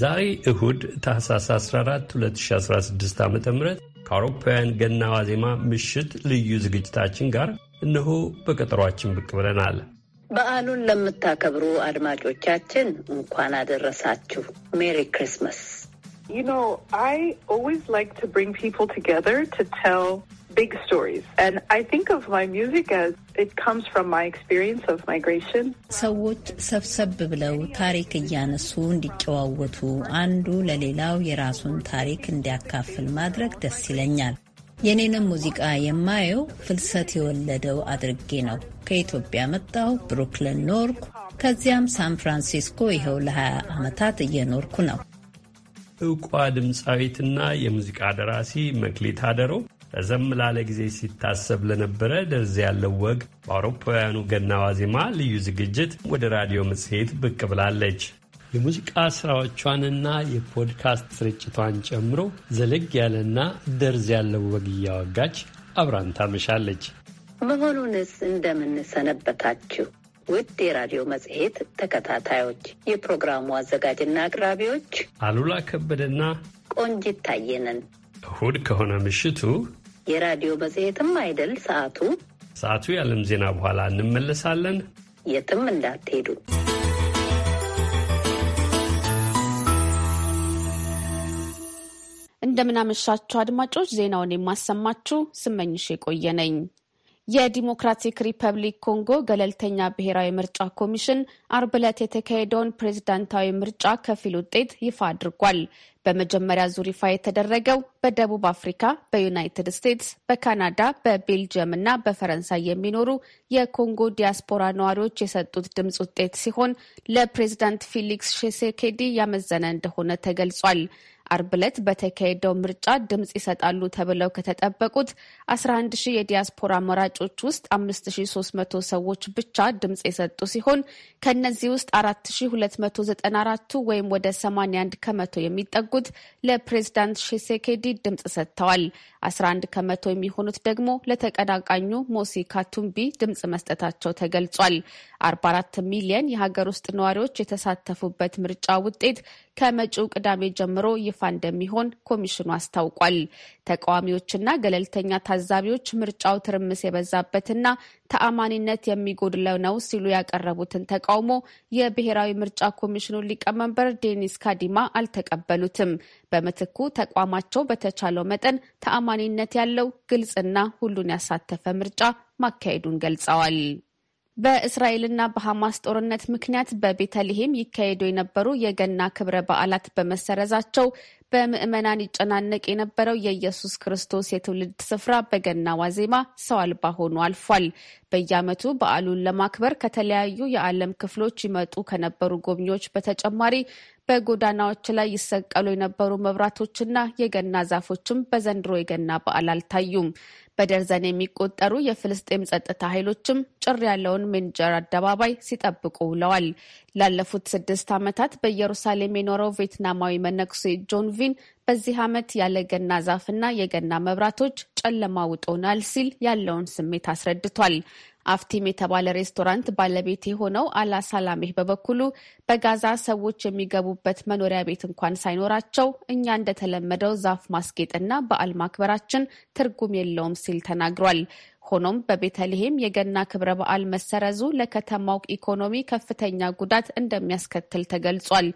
ዛሬ እሁድ ታህሳስ 14 2016 ዓ ም ከአውሮፓውያን ገና ዋዜማ ምሽት ልዩ ዝግጅታችን ጋር እነሆ በቀጠሯችን ብቅ ብለናል። በዓሉን ለምታከብሩ አድማጮቻችን እንኳን አደረሳችሁ። ሜሪ ክሪስማስ። big stories. And I think of my music as it comes from my experience of migration. ሰዎች ሰብሰብ ብለው ታሪክ እያነሱ እንዲጨዋወቱ፣ አንዱ ለሌላው የራሱን ታሪክ እንዲያካፍል ማድረግ ደስ ይለኛል። የኔንም ሙዚቃ የማየው ፍልሰት የወለደው አድርጌ ነው። ከኢትዮጵያ መጣሁ፣ ብሩክሊን ኖርኩ። ከዚያም ሳን ፍራንሲስኮ ይኸው ለ20 ዓመታት እየኖርኩ ነው። እውቋ ድምፃዊትና የሙዚቃ ደራሲ መክሊት አደሮ ረዘም ላለ ጊዜ ሲታሰብ ለነበረ ደርዝ ያለው ወግ በአውሮፓውያኑ ገና ዋዜማ ልዩ ዝግጅት ወደ ራዲዮ መጽሔት ብቅ ብላለች። የሙዚቃ ስራዎቿንና የፖድካስት ስርጭቷን ጨምሮ ዘለግ ያለና ደርዝ ያለው ወግ እያወጋች አብራን ታመሻለች። መሆኑንስ እንደምንሰነበታችሁ ውድ የራዲዮ መጽሔት ተከታታዮች፣ የፕሮግራሙ አዘጋጅና አቅራቢዎች አሉላ ከበደና ቆንጅት ታየነን እሁድ ከሆነ ምሽቱ የራዲዮ መጽሔትም አይደል ሰዓቱ። ሰዓቱ የዓለም ዜና በኋላ እንመለሳለን። የትም እንዳትሄዱ። እንደምናመሻችሁ አድማጮች፣ ዜናውን የማሰማችሁ ስመኝሽ የቆየ ነኝ። የዲሞክራቲክ ሪፐብሊክ ኮንጎ ገለልተኛ ብሔራዊ ምርጫ ኮሚሽን አርብ ዕለት የተካሄደውን ፕሬዝዳንታዊ ምርጫ ከፊል ውጤት ይፋ አድርጓል። በመጀመሪያ ዙር ይፋ የተደረገው በደቡብ አፍሪካ፣ በዩናይትድ ስቴትስ፣ በካናዳ፣ በቤልጅየም እና በፈረንሳይ የሚኖሩ የኮንጎ ዲያስፖራ ነዋሪዎች የሰጡት ድምፅ ውጤት ሲሆን ለፕሬዝዳንት ፊሊክስ ሼሴኬዲ ያመዘነ እንደሆነ ተገልጿል። አርብ ዕለት በተካሄደው ምርጫ ድምፅ ይሰጣሉ ተብለው ከተጠበቁት 11 ሺህ የዲያስፖራ መራጮች ውስጥ 5300 ሰዎች ብቻ ድምፅ የሰጡ ሲሆን ከእነዚህ ውስጥ 4294ቱ ወይም ወደ 81 ከመቶ የሚጠጉት ለፕሬዝዳንት ሺሴኬዲ ድምፅ ሰጥተዋል። 11 ከመቶ የሚሆኑት ደግሞ ለተቀናቃኙ ሞሲ ካቱምቢ ድምፅ መስጠታቸው ተገልጿል። 44 ሚሊየን የሀገር ውስጥ ነዋሪዎች የተሳተፉበት ምርጫ ውጤት ከመጪው ቅዳሜ ጀምሮ ይፋ እንደሚሆን ኮሚሽኑ አስታውቋል። ተቃዋሚዎችና ገለልተኛ ታዛቢዎች ምርጫው ትርምስ የበዛበትና ተአማኒነት የሚጎድለው ነው ሲሉ ያቀረቡትን ተቃውሞ የብሔራዊ ምርጫ ኮሚሽኑ ሊቀመንበር ዴኒስ ካዲማ አልተቀበሉትም። በምትኩ ተቋማቸው በተቻለው መጠን ተአማኒነት ያለው ግልጽና ሁሉን ያሳተፈ ምርጫ ማካሄዱን ገልጸዋል። በእስራኤልና በሐማስ ጦርነት ምክንያት በቤተልሔም ይካሄዱ የነበሩ የገና ክብረ በዓላት በመሰረዛቸው በምዕመናን ይጨናነቅ የነበረው የኢየሱስ ክርስቶስ የትውልድ ስፍራ በገና ዋዜማ ሰው አልባ ሆኖ አልፏል። በየዓመቱ በዓሉን ለማክበር ከተለያዩ የዓለም ክፍሎች ይመጡ ከነበሩ ጎብኚዎች በተጨማሪ በጎዳናዎች ላይ ይሰቀሉ የነበሩ መብራቶችና የገና ዛፎችም በዘንድሮ የገና በዓል አልታዩም። በደርዘን የሚቆጠሩ የፍልስጤም ጸጥታ ኃይሎችም ጭር ያለውን ሜንጀር አደባባይ ሲጠብቁ ውለዋል። ላለፉት ስድስት ዓመታት በኢየሩሳሌም የኖረው ቬትናማዊ መነኩሴ ጆን ቪን በዚህ ዓመት ያለ ገና ዛፍና የገና መብራቶች ጨለማ ውጦናል ሲል ያለውን ስሜት አስረድቷል። አፍቲም የተባለ ሬስቶራንት ባለቤት የሆነው ሳላሜህ በበኩሉ በጋዛ ሰዎች የሚገቡበት መኖሪያ ቤት እንኳን ሳይኖራቸው እኛ እንደተለመደው ዛፍ ማስጌጥና በዓል ማክበራችን ትርጉም የለውም ሲል ተናግሯል። ሆኖም በቤተልሔም የገና ክብረ በዓል መሰረዙ ለከተማው ኢኮኖሚ ከፍተኛ ጉዳት እንደሚያስከትል ተገልጿል።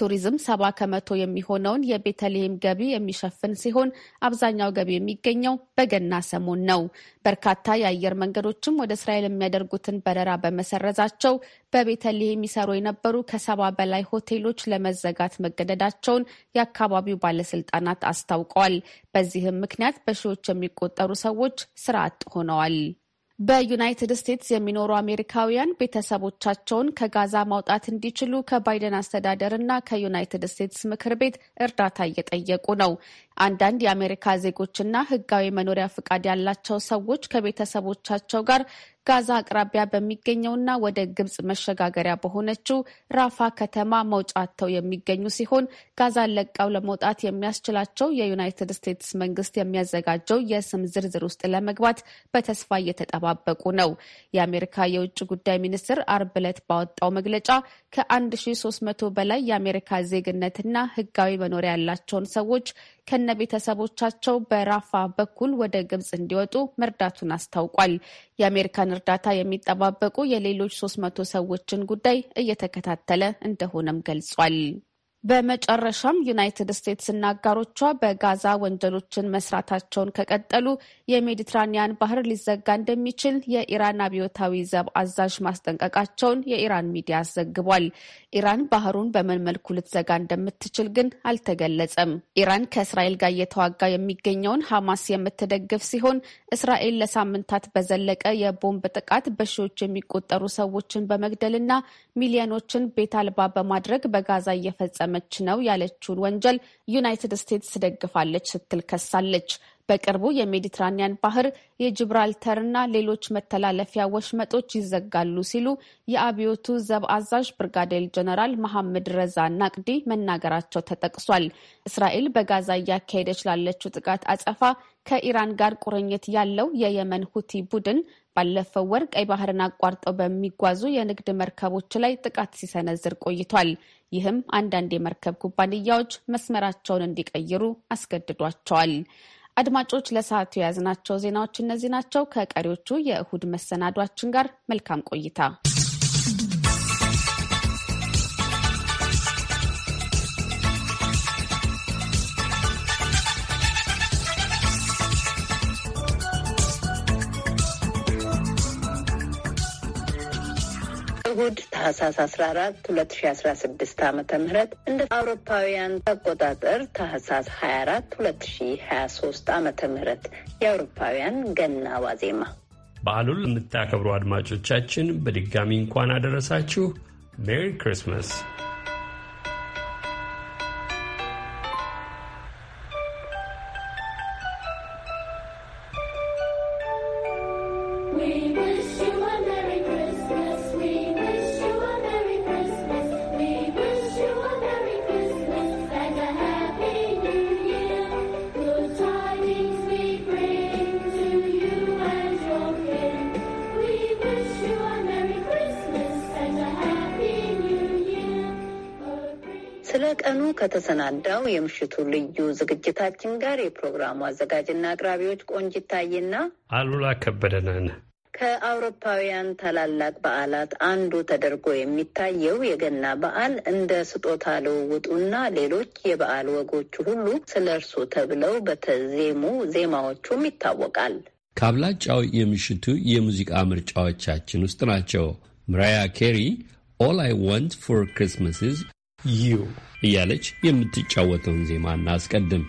ቱሪዝም ሰባ ከመቶ የሚሆነውን የቤተልሔም ገቢ የሚሸፍን ሲሆን አብዛኛው ገቢ የሚገኘው በገና ሰሞን ነው። በርካታ የአየር መንገዶችም ወደ እስራኤል የሚያደርጉትን በረራ በመሰረዛቸው በቤተልሔም የሚሰሩ የነበሩ ከሰባ በላይ ሆቴሎች ለመዘጋት መገደዳቸውን የአካባቢው ባለስልጣናት አስታውቀዋል። በዚህም ምክንያት በሺዎች የሚቆጠሩ ሰዎች ስራ አጥ ሆነዋል። በዩናይትድ ስቴትስ የሚኖሩ አሜሪካውያን ቤተሰቦቻቸውን ከጋዛ ማውጣት እንዲችሉ ከባይደን አስተዳደር እና ከዩናይትድ ስቴትስ ምክር ቤት እርዳታ እየጠየቁ ነው። አንዳንድ የአሜሪካ ዜጎችና ሕጋዊ መኖሪያ ፍቃድ ያላቸው ሰዎች ከቤተሰቦቻቸው ጋር ጋዛ አቅራቢያ በሚገኘውና ወደ ግብጽ መሸጋገሪያ በሆነችው ራፋ ከተማ መውጫ አጥተው የሚገኙ ሲሆን ጋዛን ለቀው ለመውጣት የሚያስችላቸው የዩናይትድ ስቴትስ መንግስት የሚያዘጋጀው የስም ዝርዝር ውስጥ ለመግባት በተስፋ እየተጠባበቁ ነው። የአሜሪካ የውጭ ጉዳይ ሚኒስትር አርብ ዕለት ባወጣው መግለጫ ከ1300 በላይ የአሜሪካ ዜግነትና ህጋዊ መኖሪያ ያላቸውን ሰዎች ከነ ቤተሰቦቻቸው በራፋ በኩል ወደ ግብጽ እንዲወጡ መርዳቱን አስታውቋል። የአሜሪካን እርዳታ የሚጠባበቁ የሌሎች ሶስት ሰዎችን ጉዳይ እየተከታተለ እንደሆነም ገልጿል። በመጨረሻም ዩናይትድ ስቴትስ እና አጋሮቿ በጋዛ ወንጀሎችን መስራታቸውን ከቀጠሉ የሜዲትራኒያን ባህር ሊዘጋ እንደሚችል የኢራን አብዮታዊ ዘብ አዛዥ ማስጠንቀቃቸውን የኢራን ሚዲያ አዘግቧል። ኢራን ባህሩን በምን መልኩ ልትዘጋ እንደምትችል ግን አልተገለጸም። ኢራን ከእስራኤል ጋር እየተዋጋ የሚገኘውን ሐማስ የምትደግፍ ሲሆን እስራኤል ለሳምንታት በዘለቀ የቦምብ ጥቃት በሺዎች የሚቆጠሩ ሰዎችን በመግደልና ሚሊዮኖችን ቤት አልባ በማድረግ በጋዛ እየፈጸመ እያለመች ነው ያለችውን ወንጀል ዩናይትድ ስቴትስ ደግፋለች ስትል ከሳለች። በቅርቡ የሜዲትራኒያን ባህር የጅብራልተርና ሌሎች መተላለፊያ ወሽመጦች ይዘጋሉ ሲሉ የአብዮቱ ዘብ አዛዥ ብርጋዴር ጀነራል መሐመድ ረዛ ናቅዲ መናገራቸው ተጠቅሷል። እስራኤል በጋዛ እያካሄደች ላለችው ጥቃት አጸፋ ከኢራን ጋር ቁርኝት ያለው የየመን ሁቲ ቡድን ባለፈው ወር ቀይ ባህርን አቋርጠው በሚጓዙ የንግድ መርከቦች ላይ ጥቃት ሲሰነዝር ቆይቷል። ይህም አንዳንድ የመርከብ ኩባንያዎች መስመራቸውን እንዲቀይሩ አስገድዷቸዋል። አድማጮች፣ ለሰዓቱ የያዝናቸው ዜናዎች እነዚህ ናቸው። ከቀሪዎቹ የእሁድ መሰናዷችን ጋር መልካም ቆይታ እሁድ ታህሳስ 14 2016 ዓ ም እንደ አውሮፓውያን አቆጣጠር ታህሳስ 24 2023 ዓ ም የአውሮፓውያን ገና ዋዜማ በዓሉን የምታከብሩ አድማጮቻችን በድጋሚ እንኳን አደረሳችሁ ሜሪ ክሪስማስ። ከቀዳሚው የምሽቱ ልዩ ዝግጅታችን ጋር የፕሮግራሙ አዘጋጅና አቅራቢዎች ቆንጅት ታዬና አሉላ ከበደ ነን። ከአውሮፓውያን ታላላቅ በዓላት አንዱ ተደርጎ የሚታየው የገና በዓል እንደ ስጦታ ልውውጡና ሌሎች የበዓል ወጎቹ ሁሉ ስለ እርሱ ተብለው በተዜሙ ዜማዎቹም ይታወቃል። ከአብላጫው የምሽቱ የሙዚቃ ምርጫዎቻችን ውስጥ ናቸው። ምራያ ኬሪ ኦል አይ ዋንት ፎር ክሪስማስ ዩ እያለች የምትጫወተውን ዜማ እናስቀድም።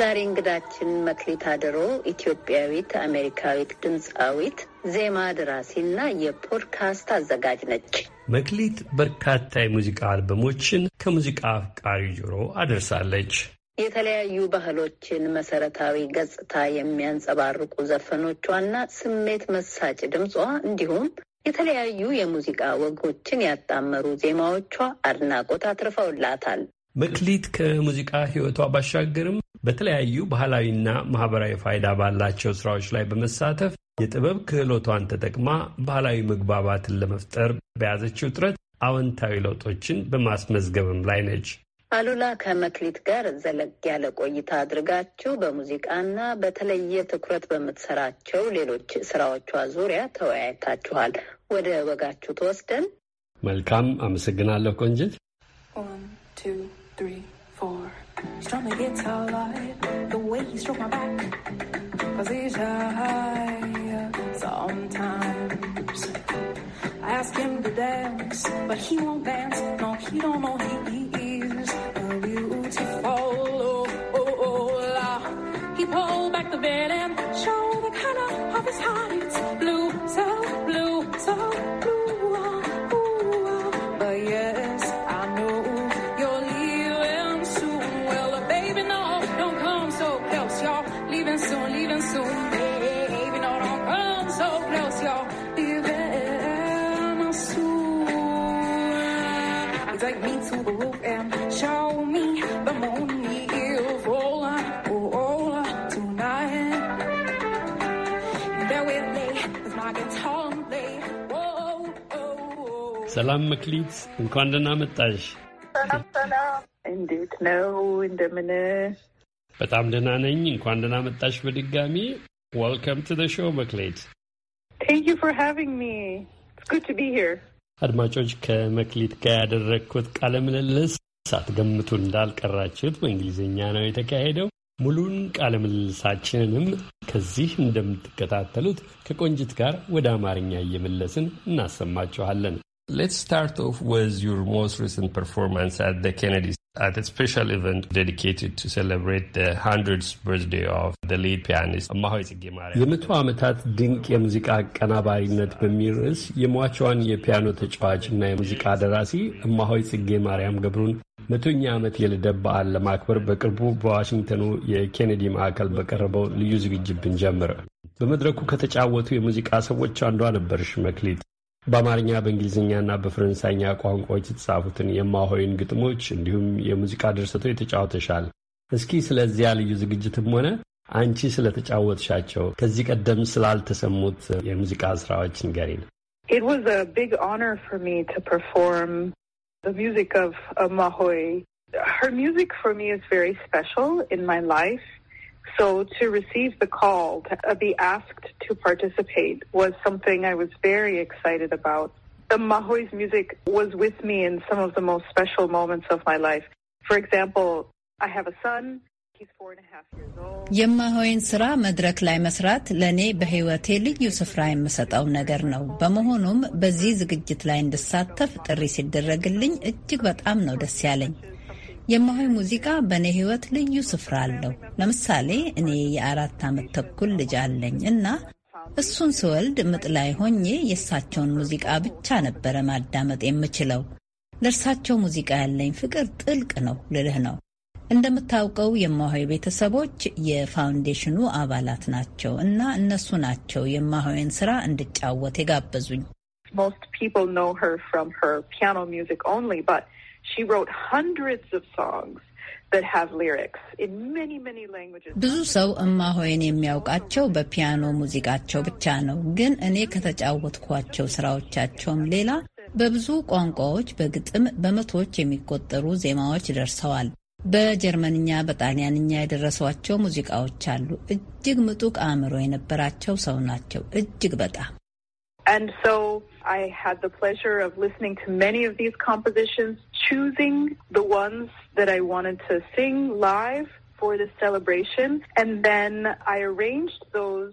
የዛሬ እንግዳችን መክሊት አድሮ ኢትዮጵያዊት አሜሪካዊት ድምፃዊት፣ ዜማ ደራሲና የፖድካስት አዘጋጅ ነች። መክሊት በርካታ የሙዚቃ አልበሞችን ከሙዚቃ አፍቃሪ ጆሮ አደርሳለች። የተለያዩ ባህሎችን መሰረታዊ ገጽታ የሚያንጸባርቁ ዘፈኖቿና ስሜት መሳጭ ድምጿ እንዲሁም የተለያዩ የሙዚቃ ወጎችን ያጣመሩ ዜማዎቿ አድናቆት አትርፈውላታል። መክሊት ከሙዚቃ ህይወቷ ባሻገርም በተለያዩ ባህላዊና ማህበራዊ ፋይዳ ባላቸው ስራዎች ላይ በመሳተፍ የጥበብ ክህሎቷን ተጠቅማ ባህላዊ መግባባትን ለመፍጠር በያዘችው ጥረት አዎንታዊ ለውጦችን በማስመዝገብም ላይ ነች። አሉላ ከመክሊት ጋር ዘለግ ያለ ቆይታ አድርጋችሁ በሙዚቃና በተለየ ትኩረት በምትሰራቸው ሌሎች ስራዎቿ ዙሪያ ተወያይታችኋል። ወደ ወጋችሁ ተወስደን። መልካም አመሰግናለሁ ቆንጅት። One, two. three, four. Strum my guitar light, the way he stroke my back. Cause he's high sometimes. I ask him to dance, but he won't dance. No, he don't know he, is a beautiful. Oh, oh, oh, la. He pulled back the bed and showed the color of his heart. It's blue, so blue, so blue. group and show me the money you've all all tonight. There with me with my guitar and ሰላም መክሊት፣ እንኳን ደህና መጣሽ። ሰላም ሰላም፣ እንዴት ነው? እንደምን በጣም ደህና ነኝ። እንኳን ደህና መጣሽ በድጋሚ። ቱ ዘ ሾው Thank you for having me. It's good to be here. አድማጮች ከመክሊት ጋር ያደረግኩት ቃለ ምልልስ ሳትገምቱ እንዳልቀራችሁት በእንግሊዝኛ ነው የተካሄደው። ሙሉን ቃለ ምልልሳችንንም ከዚህ እንደምትከታተሉት ከቆንጅት ጋር ወደ አማርኛ እየመለስን እናሰማችኋለን። Let's ስታርት ኦፍ ወዝ ዩር ሞስት ሪሰንት ፐርፎርማንስ አት the At a special event dedicated to celebrate the 100th birthday of the lead pianist እማሆይ ጽጌማርያም የመቶ ዓመታት ድንቅ የሙዚቃ አቀናባሪነት በሚል ርዕስ የሟቿን የፒያኖ እና የሙዚቃ ደራሲ እማሆይ ጽጌ ማርያም ገብሩን መቶኛ ዓመት የልደት በዓል ለማክበር በቅርቡ በዋሽንግተኑ የኬኔዲ ማዕከል በቀረበው ልዩ ዝግጅት ብንጀምር። በመድረኩ ከተጫወቱ የሙዚቃ ሰዎች አንዷ ነበርሽ መክሊት። በአማርኛ በእንግሊዝኛና በፈረንሳይኛ ቋንቋዎች የተጻፉትን የማሆይን ግጥሞች እንዲሁም የሙዚቃ ድርሰቶች ተጫውተሻል። እስኪ ስለዚያ ልዩ ዝግጅትም ሆነ አንቺ ስለተጫወትሻቸው ከዚህ ቀደም ስላልተሰሙት የሙዚቃ ስራዎች ንገሪን። Her music for me is very special in my life. So to receive the call, to be asked to participate, was something I was very excited about. The Mahoy's music was with me in some of the most special moments of my life. For example, I have a son. የማሆይን ስራ መድረክ ላይ መስራት ለእኔ በህይወቴ ልዩ ስፍራ የምሰጠው ነገር ነው። በመሆኑም በዚህ ዝግጅት ላይ እንድሳተፍ ጥሪ ሲደረግልኝ እጅግ በጣም ነው ደስ ያለኝ። የማሆይ ሙዚቃ በእኔ ህይወት ልዩ ስፍራ አለው። ለምሳሌ እኔ የአራት ዓመት ተኩል ልጅ አለኝ እና እሱን ስወልድ ምጥ ላይ ሆኜ የእሳቸውን ሙዚቃ ብቻ ነበረ ማዳመጥ የምችለው። ለእርሳቸው ሙዚቃ ያለኝ ፍቅር ጥልቅ ነው ልልህ ነው። እንደምታውቀው የማሆይ ቤተሰቦች የፋውንዴሽኑ አባላት ናቸው እና እነሱ ናቸው የማሆይን ስራ እንድጫወት የጋበዙኝ። ብዙ ሰው እማሆይን የሚያውቃቸው በፒያኖ ሙዚቃቸው ብቻ ነው። ግን እኔ ከተጫወትኳቸው ስራዎቻቸውም ሌላ በብዙ ቋንቋዎች በግጥም በመቶዎች የሚቆጠሩ ዜማዎች ደርሰዋል። በጀርመንኛ፣ በጣሊያንኛ የደረሷቸው ሙዚቃዎች አሉ። እጅግ ምጡቅ አእምሮ የነበራቸው ሰው ናቸው። እጅግ በጣም And so I had the pleasure of listening to many of these compositions, choosing the ones that I wanted to sing live for the celebration, and then I arranged those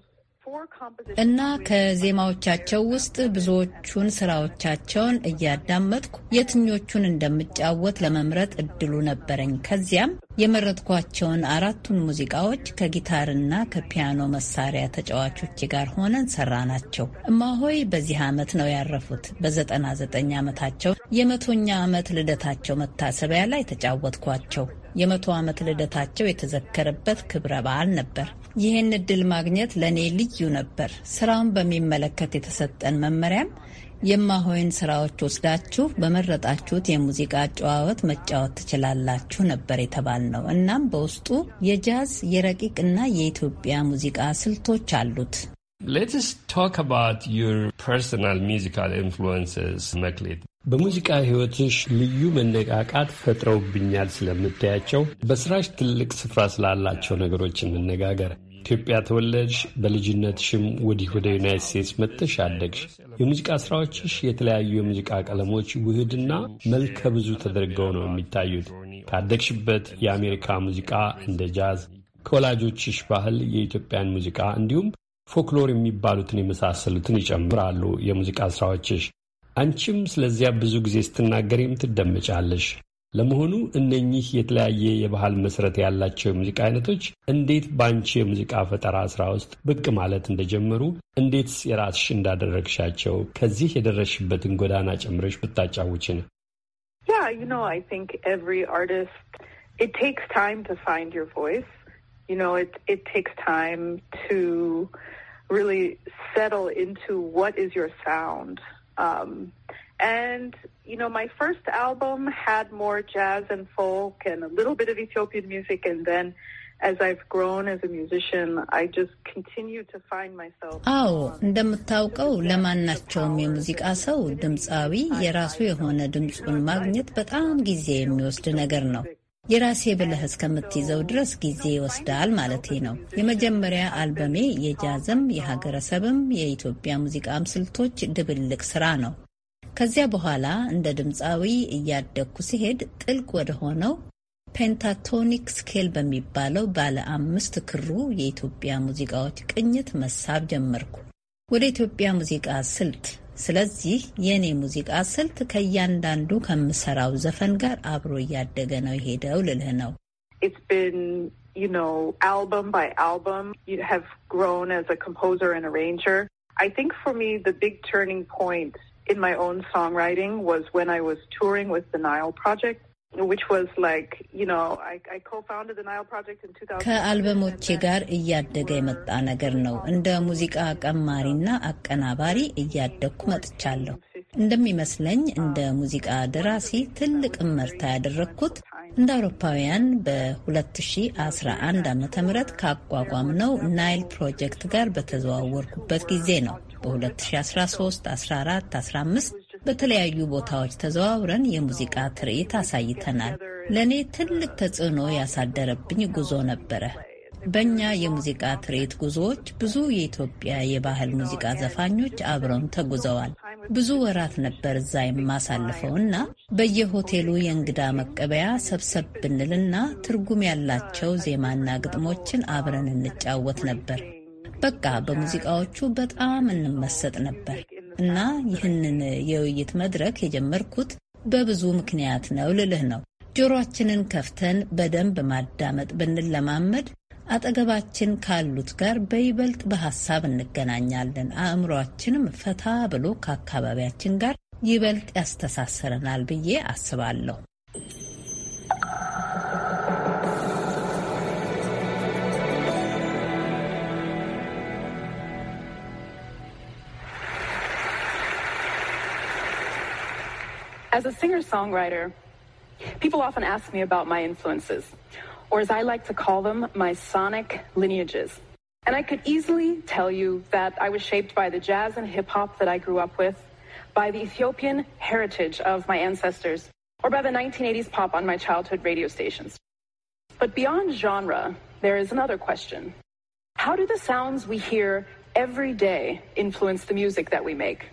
እና ከዜማዎቻቸው ውስጥ ብዙዎቹን ስራዎቻቸውን እያዳመጥኩ የትኞቹን እንደምጫወት ለመምረጥ እድሉ ነበረኝ። ከዚያም የመረጥኳቸውን አራቱን ሙዚቃዎች ከጊታርና ከፒያኖ መሳሪያ ተጫዋቾች ጋር ሆነን ናቸው። እማሆይ በዚህ ዓመት ነው ያረፉት። በ99 ዓመታቸው የመቶኛ ዓመት ልደታቸው መታሰቢያ ላይ ተጫወትኳቸው። የመቶ ዓመት ልደታቸው የተዘከረበት ክብረ በዓል ነበር። ይህን እድል ማግኘት ለእኔ ልዩ ነበር። ስራውን በሚመለከት የተሰጠን መመሪያም የማሆይን ስራዎች ወስዳችሁ በመረጣችሁት የሙዚቃ ጨዋወት መጫወት ትችላላችሁ ነበር የተባል ነው። እናም በውስጡ የጃዝ የረቂቅ እና የኢትዮጵያ ሙዚቃ ስልቶች አሉት። ሌትስ ቶክ አባት ዩር ፐርሰናል ኢንፍሉዌንስስ መክሌት። በሙዚቃ ህይወትሽ ልዩ መነቃቃት ፈጥረውብኛል ስለምታያቸው በስራሽ ትልቅ ስፍራ ስላላቸው ነገሮች እንነጋገር። ኢትዮጵያ ተወለድሽ፣ በልጅነትሽም ወዲህ ወደ ዩናይት ስቴትስ መጥተሽ አደግሽ። የሙዚቃ ስራዎችሽ የተለያዩ የሙዚቃ ቀለሞች ውህድና መልከ ብዙ ተደርገው ነው የሚታዩት። ካደግሽበት የአሜሪካ ሙዚቃ እንደ ጃዝ፣ ከወላጆችሽ ባህል የኢትዮጵያን ሙዚቃ እንዲሁም ፎክሎር የሚባሉትን የመሳሰሉትን ይጨምራሉ የሙዚቃ ስራዎችሽ። አንቺም ስለዚያ ብዙ ጊዜ ስትናገሪም ትደመጫለሽ። ለመሆኑ እነኚህ የተለያየ የባህል መሰረት ያላቸው የሙዚቃ አይነቶች እንዴት በአንቺ የሙዚቃ ፈጠራ ስራ ውስጥ ብቅ ማለት እንደጀመሩ እንዴትስ የራስሽ እንዳደረግሻቸው ከዚህ የደረስሽበትን ጎዳና ጨምረሽ ብታጫውችን። ያ ዩ አይ ቲንክ ቴክስ ታይም ቱ ፋይንድ ቴክስ ታይም ቱ really settle into what is your sound um, and you know, my first album had more jazz and folk and a little bit of Ethiopian music. And then as I've grown as a musician, I just continue to find myself. አዎ እንደምታውቀው ለማናቸውም የሙዚቃ ሰው ድምፃዊ የራሱ የሆነ ድምፁን ማግኘት በጣም ጊዜ የሚወስድ ነገር ነው። የራሴ ብለህ እስከምትይዘው ድረስ ጊዜ ይወስዳል ማለቴ ነው። የመጀመሪያ አልበሜ የጃዝም የሀገረሰብም የኢትዮጵያ ሙዚቃም ስልቶች ድብልቅ ስራ ነው። ከዚያ በኋላ እንደ ድምፃዊ እያደግኩ ሲሄድ ጥልቅ ወደ ሆነው ፔንታቶኒክ ስኬል በሚባለው ባለ አምስት ክሩ የኢትዮጵያ ሙዚቃዎች ቅኝት መሳብ ጀመርኩ ወደ ኢትዮጵያ ሙዚቃ ስልት። ስለዚህ የእኔ ሙዚቃ ስልት ከእያንዳንዱ ከምሰራው ዘፈን ጋር አብሮ እያደገ ነው የሄደው ልልህ ነው። in my own songwriting was when I was touring with the Nile Project. ከአልበሞቼ ጋር እያደገ የመጣ ነገር ነው። እንደ ሙዚቃ ቀማሪና አቀናባሪ እያደግኩ መጥቻለሁ። እንደሚመስለኝ እንደ ሙዚቃ ደራሲ ትልቅ እመርታ ያደረግኩት እንደ አውሮፓውያን በ2011 ዓ ም ካቋቋምነው ናይል ፕሮጀክት ጋር በተዘዋወርኩበት ጊዜ ነው። በ2013፣ 14፣ 15 በተለያዩ ቦታዎች ተዘዋውረን የሙዚቃ ትርኢት አሳይተናል። ለእኔ ትልቅ ተጽዕኖ ያሳደረብኝ ጉዞ ነበረ። በእኛ የሙዚቃ ትርኢት ጉዞዎች ብዙ የኢትዮጵያ የባህል ሙዚቃ ዘፋኞች አብረውን ተጉዘዋል። ብዙ ወራት ነበር እዛ የማሳልፈው እና በየሆቴሉ የእንግዳ መቀበያ ሰብሰብ ብንልና ትርጉም ያላቸው ዜማና ግጥሞችን አብረን እንጫወት ነበር። በቃ በሙዚቃዎቹ በጣም እንመሰጥ ነበር እና ይህንን የውይይት መድረክ የጀመርኩት በብዙ ምክንያት ነው ልልህ ነው። ጆሮአችንን ከፍተን በደንብ ማዳመጥ ብንለማመድ አጠገባችን ካሉት ጋር በይበልጥ በሀሳብ እንገናኛለን። አእምሯችንም ፈታ ብሎ ከአካባቢያችን ጋር ይበልጥ ያስተሳሰረናል ብዬ አስባለሁ። As a singer songwriter, people often ask me about my influences, or as I like to call them, my sonic lineages. And I could easily tell you that I was shaped by the jazz and hip hop that I grew up with, by the Ethiopian heritage of my ancestors, or by the 1980s pop on my childhood radio stations. But beyond genre, there is another question. How do the sounds we hear every day influence the music that we make?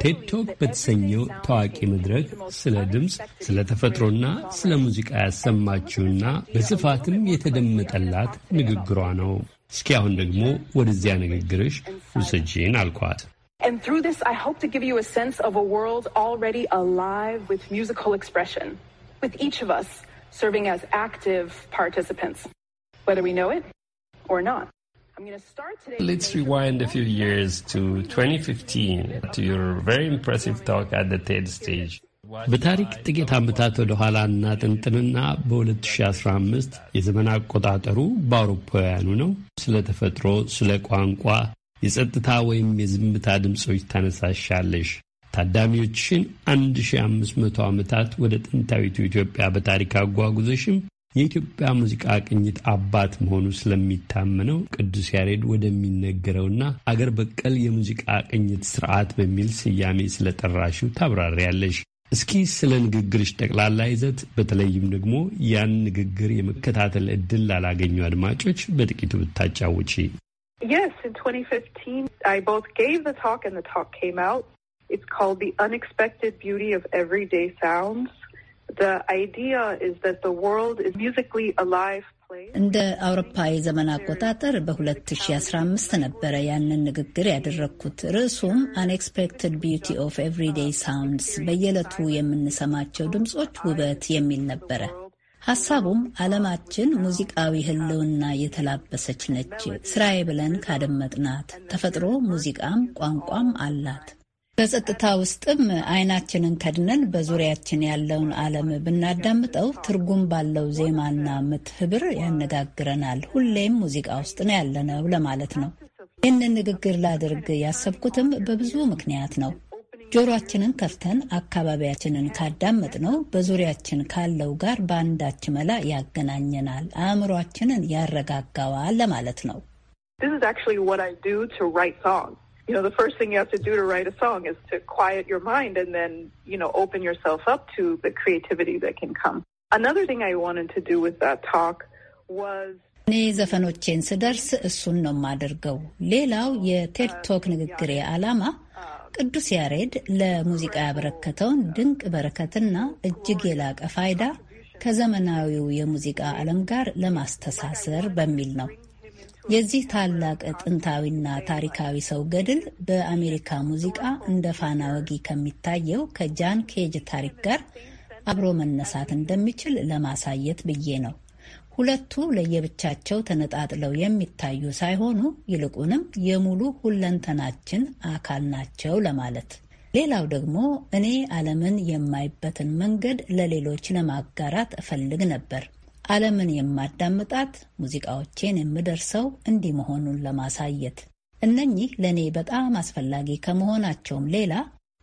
ቴድቶክ በተሰኘው ታዋቂ መድረክ ስለ ድምፅ፣ ስለ ተፈጥሮና ስለ ሙዚቃ ያሰማችውና በስፋትም የተደመጠላት ንግግሯ ነው። እስኪ አሁን ደግሞ ወደዚያ ንግግርሽ ውስጅን አልኳት። serving as active participants, whether we know it or not. Let's rewind a few years to 2015 to your very impressive talk at the TED stage. በታሪክ ጥቂት ዓመታት ወደ ኋላ እናጥንጥንና በ2015 የዘመን አቆጣጠሩ በአውሮፓውያኑ ነው። ስለ ተፈጥሮ፣ ስለ ቋንቋ፣ የጸጥታ ወይም የዝምታ ድምፆች ታነሳሻለሽ። ታዳሚዎችሽን 1500 ዓመታት ወደ ጥንታዊቱ ኢትዮጵያ በታሪክ አጓጉዘሽም የኢትዮጵያ ሙዚቃ ቅኝት አባት መሆኑ ስለሚታመነው ቅዱስ ያሬድ ወደሚነገረውና አገር በቀል የሙዚቃ ቅኝት ስርዓት በሚል ስያሜ ስለጠራሽው ታብራሪያለሽ። እስኪ ስለ ንግግርሽ ጠቅላላ ይዘት በተለይም ደግሞ ያን ንግግር የመከታተል እድል ላላገኙ አድማጮች በጥቂቱ ብታጫውጪ። Yes, in 2015, I both gave the talk and the talk came out. It's called The Unexpected Beauty of Everyday Sounds. እንደ አውሮፓዊ ዘመን አቆጣጠር በ2015 ነበረ ያንን ንግግር ያደረግኩት። ርዕሱም አንኤክስፔክትድ ቢዩቲ ኦፍ ኤቭሪዴይ ሳውንድስ፣ በየዕለቱ የምንሰማቸው ድምፆች ውበት የሚል ነበረ። ሐሳቡም ዓለማችን ሙዚቃዊ ሕልውና የተላበሰች ነች፣ ስራዬ ብለን ካደመጥናት። ተፈጥሮ ሙዚቃም ቋንቋም አላት። በጸጥታ ውስጥም አይናችንን ከድነን በዙሪያችን ያለውን ዓለም ብናዳምጠው ትርጉም ባለው ዜማና ምት ህብር ያነጋግረናል። ሁሌም ሙዚቃ ውስጥ ነው ያለነው ለማለት ነው። ይህንን ንግግር ላድርግ ያሰብኩትም በብዙ ምክንያት ነው። ጆሮአችንን ከፍተን አካባቢያችንን ነው በዙሪያችን ካለው ጋር በአንዳች መላ ያገናኘናል፣ አእምሯችንን ያረጋጋዋል ለማለት ነው። you know, the first thing you have to do to write a song is to quiet your mind and then, you know, open yourself up to the creativity that can come. Another thing I wanted to do with that talk was እኔ ዘፈኖቼን ስደርስ እሱን ነው የማደርገው። ሌላው የቴድ uh, ቶክ ንግግሬ ዓላማ uh, ቅዱስ ያሬድ ለሙዚቃ ያበረከተውን ድንቅ በረከትና እጅግ የላቀ ፋይዳ ከዘመናዊው የሙዚቃ ዓለም ጋር ለማስተሳሰር በሚል ነው። የዚህ ታላቅ ጥንታዊና ታሪካዊ ሰው ገድል በአሜሪካ ሙዚቃ እንደ ፋና ወጊ ከሚታየው ከጃን ኬጅ ታሪክ ጋር አብሮ መነሳት እንደሚችል ለማሳየት ብዬ ነው። ሁለቱ ለየብቻቸው ተነጣጥለው የሚታዩ ሳይሆኑ ይልቁንም የሙሉ ሁለንተናችን አካል ናቸው ለማለት። ሌላው ደግሞ እኔ ዓለምን የማይበትን መንገድ ለሌሎች ለማጋራት እፈልግ ነበር። ዓለምን የማዳምጣት ሙዚቃዎቼን የምደርሰው እንዲህ መሆኑን ለማሳየት እነኚህ ለእኔ በጣም አስፈላጊ ከመሆናቸውም ሌላ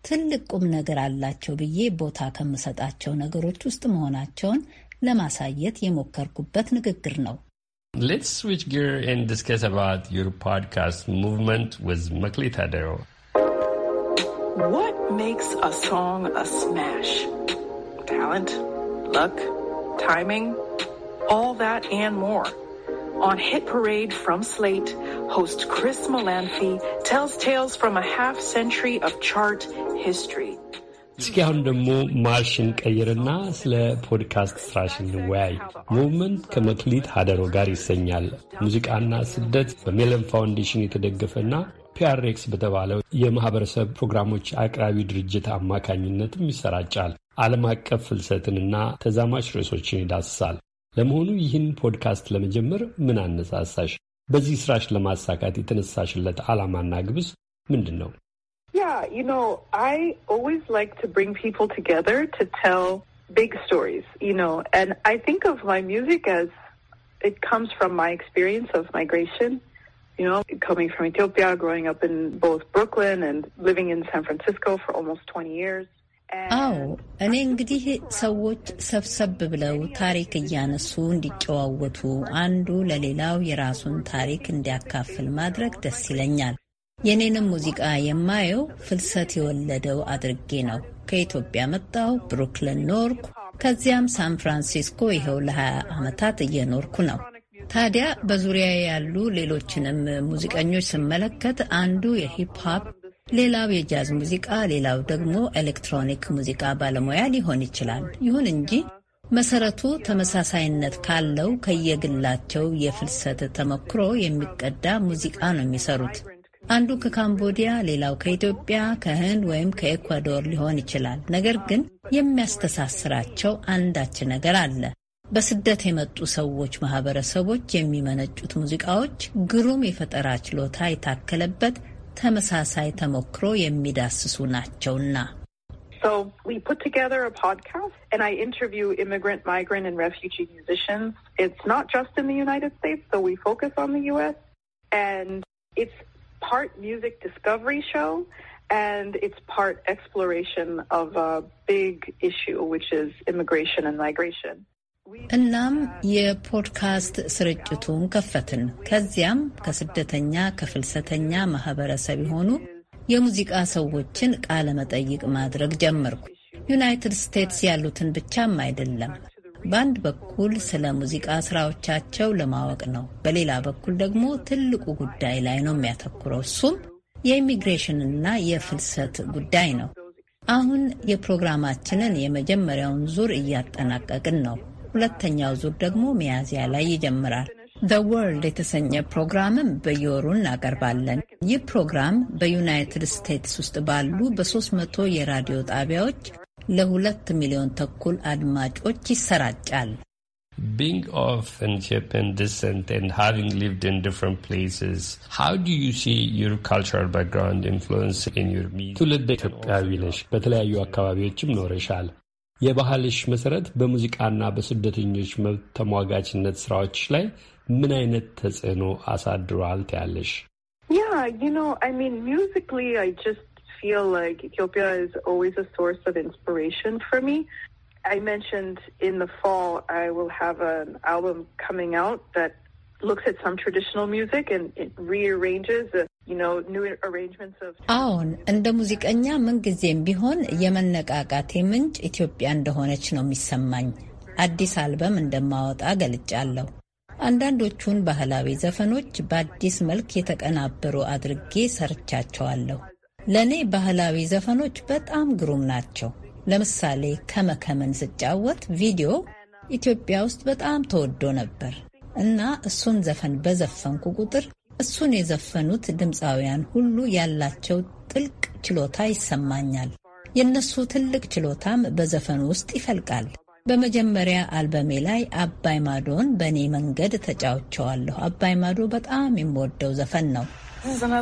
ትልቅ ቁም ነገር አላቸው ብዬ ቦታ ከምሰጣቸው ነገሮች ውስጥ መሆናቸውን ለማሳየት የሞከርኩበት ንግግር ነው። ሌትስ What makes a song a smash? Talent? Luck? timing, all that and more. On Hit Parade from Slate, host Chris Malanfi tells tales from a half century of chart history. እስኪ አሁን ደግሞ ማርሽን ቀይርና ስለ ፖድካስት ስራሽ እንወያይ። ሙቭመንት ከመክሊት ሀደሮ ጋር ይሰኛል። ሙዚቃና ስደት በሜለን ፋውንዴሽን የተደገፈና ፒአርኤክስ በተባለው የማህበረሰብ ፕሮግራሞች አቅራቢ ድርጅት አማካኝነትም ይሰራጫል። ዓለም አቀፍ ፍልሰትንና ተዛማች ርዕሶችን ይዳስሳል። ለመሆኑ ይህን ፖድካስት ለመጀመር ምን አነሳሳሽ? በዚህ ስራሽ ለማሳካት የተነሳሽለት ዓላማና ግብስ ምንድን ነው? ያ ዩ ላይክ ቱ ብሪንግ ፒፕል ቱጌዘር ቢግ ስቶሪስ ዩ ኖ ኤንድ አይ ኦፍ ማይ ሚውዚክ ኢት ካምስ ፍሮም ማይ ኤክስፒሪየንስ ኦፍ ማይግሬሽን You know, coming from Ethiopia, growing up in both Brooklyn and living in San Francisco for almost 20 years. አዎ እኔ እንግዲህ ሰዎች ሰብሰብ ብለው ታሪክ እያነሱ እንዲጨዋወቱ አንዱ ለሌላው የራሱን ታሪክ እንዲያካፍል ማድረግ ደስ ይለኛል። የኔንም ሙዚቃ የማየው ፍልሰት የወለደው አድርጌ ነው። ከኢትዮጵያ መጣሁ፣ ብሩክሊን ኖርኩ፣ ከዚያም ሳን ፍራንሲስኮ ይኸው ለ20 ዓመታት እየኖርኩ ነው። ታዲያ በዙሪያ ያሉ ሌሎችንም ሙዚቀኞች ስመለከት አንዱ የሂፕ ሆፕ፣ ሌላው የጃዝ ሙዚቃ፣ ሌላው ደግሞ ኤሌክትሮኒክ ሙዚቃ ባለሙያ ሊሆን ይችላል። ይሁን እንጂ መሰረቱ ተመሳሳይነት ካለው ከየግላቸው የፍልሰት ተመክሮ የሚቀዳ ሙዚቃ ነው የሚሰሩት። አንዱ ከካምቦዲያ፣ ሌላው ከኢትዮጵያ፣ ከህንድ ወይም ከኤኳዶር ሊሆን ይችላል። ነገር ግን የሚያስተሳስራቸው አንዳች ነገር አለ። በስደት የመጡ ሰዎች ማህበረሰቦች የሚመነጩት ሙዚቃዎች ግሩም የፈጠራ ችሎታ የታከለበት ተመሳሳይ ተሞክሮ የሚዳስሱ ናቸውና። So we put together a podcast and I interview immigrant, migrant, and refugee musicians. It's not just in the United States, so we focus on the U.S. And it's part music discovery show and it's part exploration of a big issue, which is immigration and migration. እናም የፖድካስት ስርጭቱን ከፈትን። ከዚያም ከስደተኛ ከፍልሰተኛ ማህበረሰብ የሆኑ የሙዚቃ ሰዎችን ቃለ መጠይቅ ማድረግ ጀመርኩ። ዩናይትድ ስቴትስ ያሉትን ብቻም አይደለም። በአንድ በኩል ስለ ሙዚቃ ስራዎቻቸው ለማወቅ ነው። በሌላ በኩል ደግሞ ትልቁ ጉዳይ ላይ ነው የሚያተኩረው። እሱም የኢሚግሬሽንና የፍልሰት ጉዳይ ነው። አሁን የፕሮግራማችንን የመጀመሪያውን ዙር እያጠናቀቅን ነው። ሁለተኛው ዙር ደግሞ ሚያዝያ ላይ ይጀምራል። ዘ ወርልድ የተሰኘ ፕሮግራምም በየወሩ እናቀርባለን። ይህ ፕሮግራም በዩናይትድ ስቴትስ ውስጥ ባሉ በ300 የራዲዮ ጣቢያዎች ለሁለት ሚሊዮን ተኩል አድማጮች ይሰራጫል። Being of Ethiopian descent and having lived in different places, how do you see your cultural background influence in your ኢትዮጵያዊ ነሽ፣ በተለያዩ አካባቢዎችም ኖረሻል። የባህልሽ መሰረት በሙዚቃና በስደተኞች መብት ተሟጋችነት ስራዎች ላይ ምን አይነት ተጽዕኖ አሳድሯል ትያለሽ? ያ ዩ ኖ አይ ሚን ሚውዚካሊ አይ ጀስት ፊል ላይክ ኢትዮጵያ ኢዝ ኦልዌይዝ አ ሶርስ ኦፍ ኢንስፒሬሽን ፎር ሚ I mentioned in the fall I will have an album coming out that አሁን እንደ ሙዚቀኛ ምንጊዜም ቢሆን የመነቃቃቴ ምንጭ ኢትዮጵያ እንደሆነች ነው የሚሰማኝ። አዲስ አልበም እንደማወጣ ገልጫለሁ። አንዳንዶቹን ባህላዊ ዘፈኖች በአዲስ መልክ የተቀናበሩ አድርጌ ሰርቻቸዋለሁ። ለእኔ ባህላዊ ዘፈኖች በጣም ግሩም ናቸው። ለምሳሌ ከመከመን ስጫወት ቪዲዮ ኢትዮጵያ ውስጥ በጣም ተወዶ ነበር። እና እሱን ዘፈን በዘፈንኩ ቁጥር እሱን የዘፈኑት ድምፃውያን ሁሉ ያላቸው ጥልቅ ችሎታ ይሰማኛል። የእነሱ ትልቅ ችሎታም በዘፈኑ ውስጥ ይፈልቃል። በመጀመሪያ አልበሜ ላይ አባይ ማዶን በእኔ መንገድ ተጫውቸዋለሁ። አባይ ማዶ በጣም የምወደው ዘፈን ነው። አባይ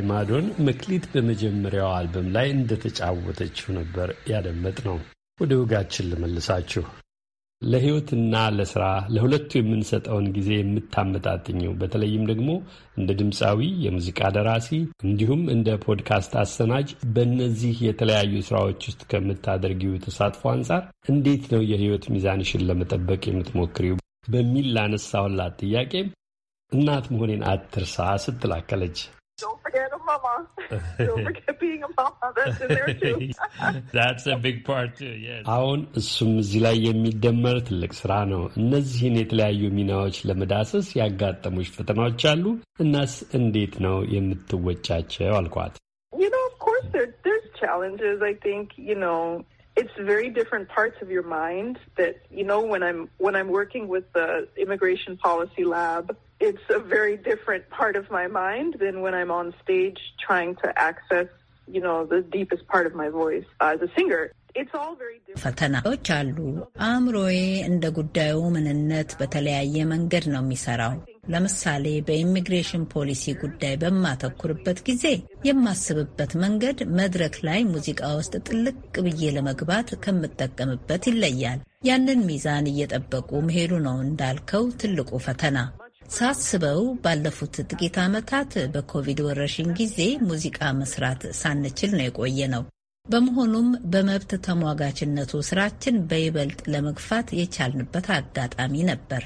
ላይ ማዶን መክሊት በመጀመሪያው አልበም ላይ እንደተጫወተችው ነበር ያደመጥ ነው። ወደ ወጋችን ልመልሳችሁ። ለሕይወትና ለስራ ለሁለቱ የምንሰጠውን ጊዜ የምታመጣጥኘው በተለይም ደግሞ እንደ ድምፃዊ፣ የሙዚቃ ደራሲ እንዲሁም እንደ ፖድካስት አሰናጅ በእነዚህ የተለያዩ ስራዎች ውስጥ ከምታደርጊው ተሳትፎ አንጻር እንዴት ነው የሕይወት ሚዛንሽን ለመጠበቅ የምትሞክሪው በሚል ላነሳውላት ጥያቄም እናት መሆኔን አትርሳ ስትላከለች Don't forget a mama. Don't forget being a mama. That's in there too. That's a big part too, yes. አሁን እሱም እዚህ ላይ የሚደመር ትልቅ ስራ ነው። እነዚህን የተለያዩ ሚናዎች ለመዳሰስ ያጋጠሙሽ ፈተናዎች አሉ። እናስ እንዴት ነው የምትወጫቸው? አልኳት። You know, of course there, there's challenges. I think, you know, it's very different parts of your mind that, you know, when I'm when I'm working with the immigration policy lab it's a very different part of my mind than when I'm on stage trying to access, you know, the deepest part of my voice as a singer. ፈተናዎች አሉ። አእምሮዬ እንደ ጉዳዩ ምንነት በተለያየ መንገድ ነው የሚሰራው። ለምሳሌ በኢሚግሬሽን ፖሊሲ ጉዳይ በማተኩርበት ጊዜ የማስብበት መንገድ መድረክ ላይ ሙዚቃ ውስጥ ጥልቅ ብዬ ለመግባት ከምጠቀምበት ይለያል። ያንን ሚዛን እየጠበቁ መሄዱ ነው እንዳልከው ትልቁ ፈተና። ሳስበው ባለፉት ጥቂት ዓመታት በኮቪድ ወረርሽኝ ጊዜ ሙዚቃ መስራት ሳንችል ነው የቆየ ነው። በመሆኑም በመብት ተሟጋችነቱ ስራችን በይበልጥ ለመግፋት የቻልንበት አጋጣሚ ነበር።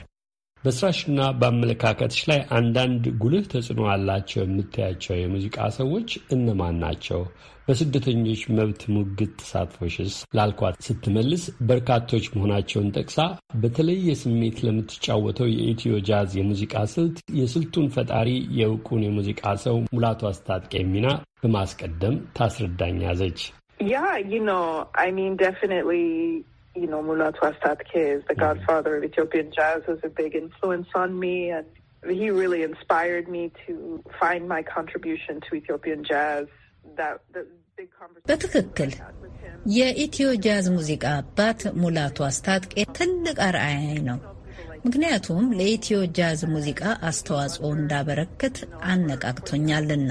በስራሽና በአመለካከትሽ ላይ አንዳንድ ጉልህ ተጽዕኖ አላቸው የምታያቸው የሙዚቃ ሰዎች እነማን ናቸው? በስደተኞች መብት ሙግት ተሳትፎሽስ ላልኳት ስትመልስ በርካቶች መሆናቸውን ጠቅሳ በተለየ ስሜት ለምትጫወተው የኢትዮ ጃዝ የሙዚቃ ስልት የስልቱን ፈጣሪ የእውቁን የሙዚቃ ሰው ሙላቱ አስታጥቄ ሚና በማስቀደም ታስረዳኝ ያዘች ያ you know, Mulatu Astatke is the mm-hmm. godfather of Ethiopian jazz, was a big influence on me, and he really inspired me to find my contribution to Ethiopian jazz. That, the big conversation በትክክል የኢትዮ ጃዝ ሙዚቃ አባት ሙላቱ አስታጥቄ ትልቅ አርአያኝ ነው። ምክንያቱም ለኢትዮ ጃዝ ሙዚቃ አስተዋጽኦ እንዳበረክት አነቃቅቶኛልና።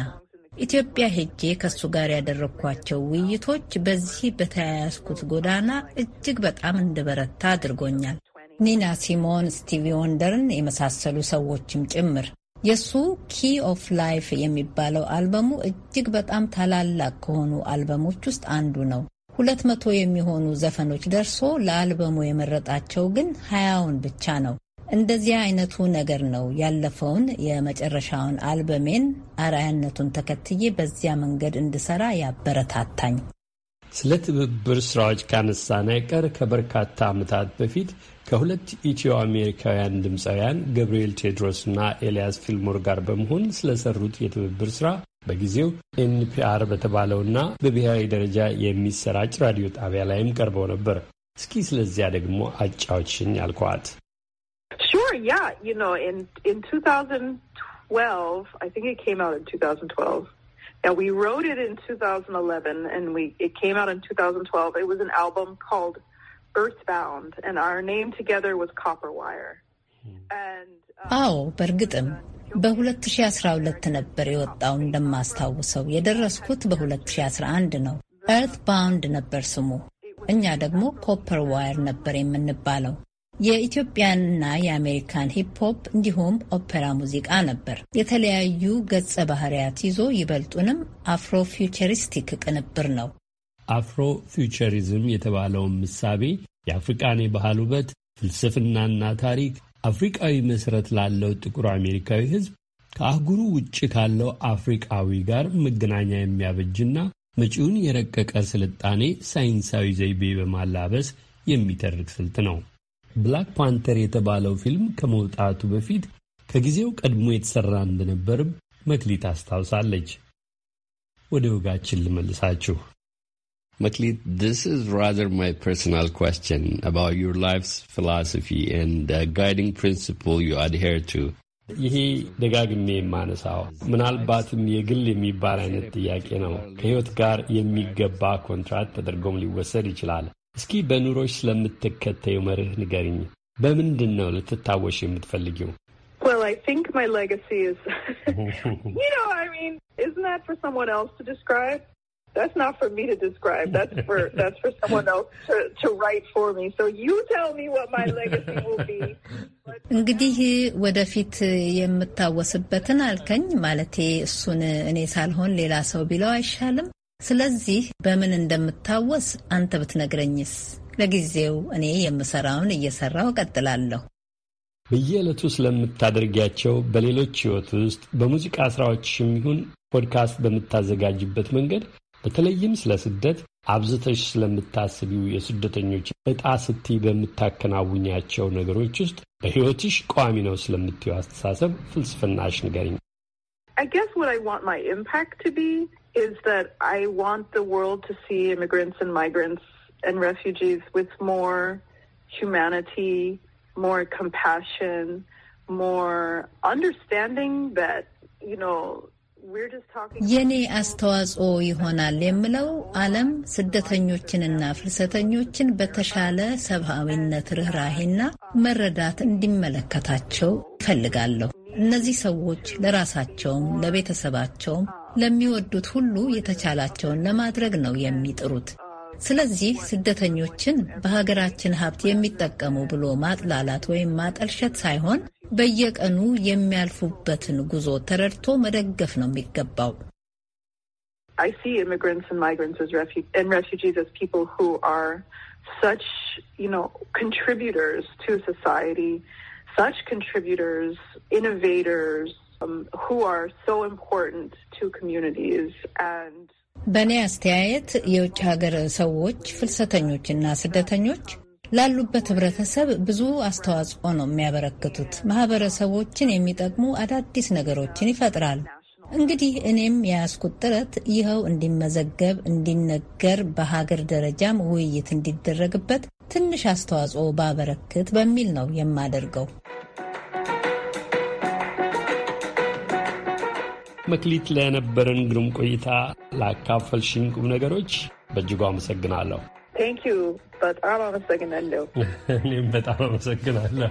ኢትዮጵያ ሄጄ ከሱ ጋር ያደረግኳቸው ውይይቶች በዚህ በተያያዝኩት ጎዳና እጅግ በጣም እንድበረታ አድርጎኛል። ኒና ሲሞን፣ ስቲቪ ወንደርን የመሳሰሉ ሰዎችም ጭምር። የእሱ ኪ ኦፍ ላይፍ የሚባለው አልበሙ እጅግ በጣም ታላላቅ ከሆኑ አልበሞች ውስጥ አንዱ ነው። ሁለት መቶ የሚሆኑ ዘፈኖች ደርሶ ለአልበሙ የመረጣቸው ግን ሀያውን ብቻ ነው። እንደዚህ አይነቱ ነገር ነው ያለፈውን የመጨረሻውን አልበሜን አርአያነቱን ተከትዬ በዚያ መንገድ እንድሰራ ያበረታታኝ። ስለ ትብብር ስራዎች ካነሳን አይቀር ከበርካታ ዓመታት በፊት ከሁለት ኢትዮ አሜሪካውያን ድምፃውያን ገብርኤል ቴድሮስና ኤልያስ ፊልሞር ጋር በመሆን ስለሰሩት የትብብር ስራ በጊዜው ኤንፒአር በተባለውና በብሔራዊ ደረጃ የሚሰራጭ ራዲዮ ጣቢያ ላይም ቀርበው ነበር። እስኪ ስለዚያ ደግሞ አጫዎችን ያልከዋት Sure, yeah. You know, in, in 2012, I think it came out in 2012. Now, we wrote it in 2011, and we it came out in 2012. It was an album called Earthbound, and our name together was Copperwire. Uh, አዎ በእርግጥም በ2012 ነበር የወጣው። እንደማስታውሰው የደረስኩት በ2011 ነው። ኤርት ባውንድ ነበር ስሙ፣ እኛ ደግሞ ኮፐር ዋየር ነበር የምንባለው። የኢትዮጵያንና የአሜሪካን ሂፕ እንዲሁም ኦፔራ ሙዚቃ ነበር። የተለያዩ ገጸ ባህሪያት ይዞ ይበልጡንም አፍሮ ፊውቸሪስቲክ ቅንብር ነው። አፍሮ ፊውቸሪዝም የተባለውን ምሳቤ የአፍሪቃን የባህል ውበት ፍልስፍናና ታሪክ አፍሪቃዊ መሰረት ላለው ጥቁር አሜሪካዊ ህዝብ ከአህጉሩ ውጭ ካለው አፍሪቃዊ ጋር መገናኛ የሚያበጅና መጪውን የረቀቀ ስልጣኔ ሳይንሳዊ ዘይቤ በማላበስ የሚተርክ ስልት ነው። ብላክ ፓንተር የተባለው ፊልም ከመውጣቱ በፊት ከጊዜው ቀድሞ የተሰራ እንደነበርም መክሊት አስታውሳለች። ወደ ወጋችን ልመልሳችሁ። መክሊት this is rather my personal question about your life's philosophy and the guiding principle you adhere to. ይሄ ደጋግሜ የማነሳው ምናልባትም የግል የሚባል አይነት ጥያቄ ነው። ከህይወት ጋር የሚገባ ኮንትራት ተደርጎም ሊወሰድ ይችላል። እስኪ በኑሮች ስለምትከተዩ መርህ ንገርኝ። በምንድን ነው ልትታወሽ የምትፈልጊው? እንግዲህ ወደፊት የምታወስበትን አልከኝ። ማለቴ እሱን እኔ ሳልሆን ሌላ ሰው ቢለው አይሻልም? ስለዚህ በምን እንደምታወስ አንተ ብትነግረኝስ? ለጊዜው እኔ የምሰራውን እየሰራው እቀጥላለሁ። በየዕለቱ ስለምታደርጊያቸው በሌሎች ሕይወት ውስጥ በሙዚቃ ስራዎችም ይሁን ፖድካስት በምታዘጋጅበት መንገድ በተለይም ስለ ስደት አብዝተሽ ስለምታስቢው የስደተኞች እጣ ስቲ በምታከናውኛቸው ነገሮች ውስጥ በሕይወትሽ ቋሚ ነው ስለምትየው አስተሳሰብ ፍልስፍናሽ ንገሪኝ። is that I want the world to see immigrants and migrants and refugees with more humanity, more compassion, more understanding that, you know, የኔ አስተዋጽኦ ይሆናል የምለው ዓለም ስደተኞችንና ፍልሰተኞችን በተሻለ ሰብአዊነት ርኅራሄና መረዳት እንዲመለከታቸው እፈልጋለሁ። እነዚህ ሰዎች ለራሳቸውም ለቤተሰባቸውም ለሚወዱት ሁሉ የተቻላቸውን ለማድረግ ነው የሚጥሩት። ስለዚህ ስደተኞችን በሀገራችን ሀብት የሚጠቀሙ ብሎ ማጥላላት ወይም ማጠልሸት ሳይሆን በየቀኑ የሚያልፉበትን ጉዞ ተረድቶ መደገፍ ነው የሚገባው። Um, በእኔ አስተያየት የውጭ ሀገር ሰዎች ፍልሰተኞችና ስደተኞች ላሉበት ህብረተሰብ ብዙ አስተዋጽኦ ነው የሚያበረክቱት። ማህበረሰቦችን የሚጠቅሙ አዳዲስ ነገሮችን ይፈጥራል። እንግዲህ እኔም የያዝኩት ጥረት ይኸው እንዲመዘገብ፣ እንዲነገር፣ በሀገር ደረጃም ውይይት እንዲደረግበት ትንሽ አስተዋጽኦ ባበረክት በሚል ነው የማደርገው። መክሊት ለነበረን ግሩም ቆይታ ላካፈልሽኝ ቁም ነገሮች በእጅጉ አመሰግናለሁ። ቴንክ ዩ። በጣም አመሰግናለሁ። እኔም በጣም አመሰግናለሁ።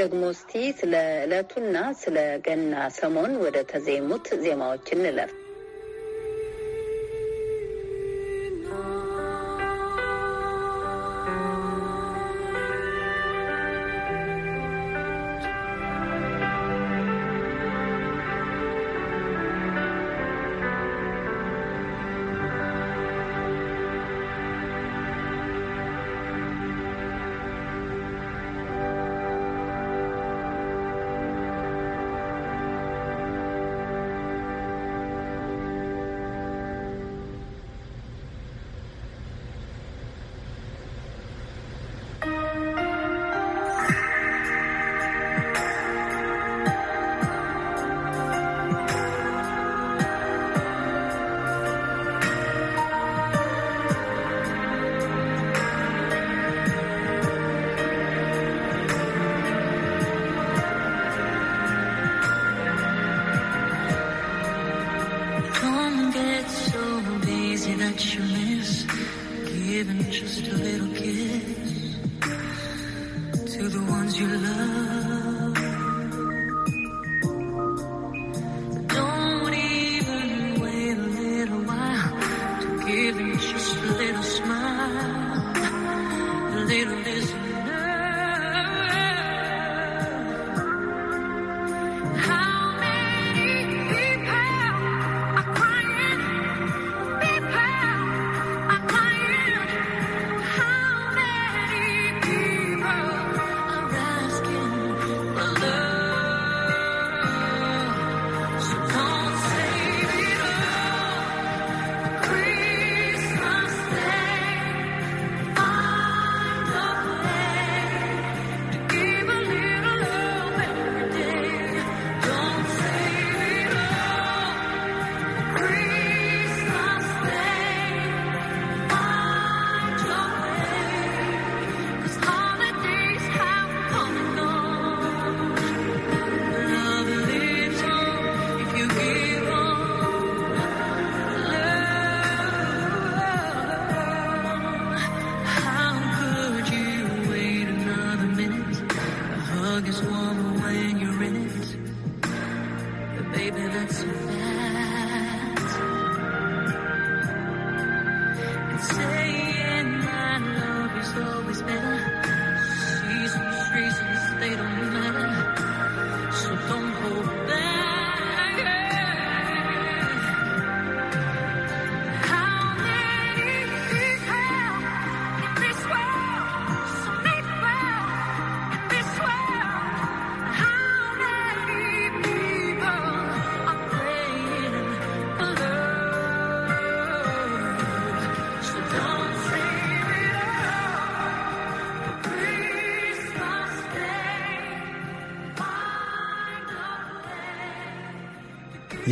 ደግሞ እስቲ ስለ ዕለቱና ስለ ገና ሰሞን ወደ ተዜሙት ዜማዎች እንለፍ።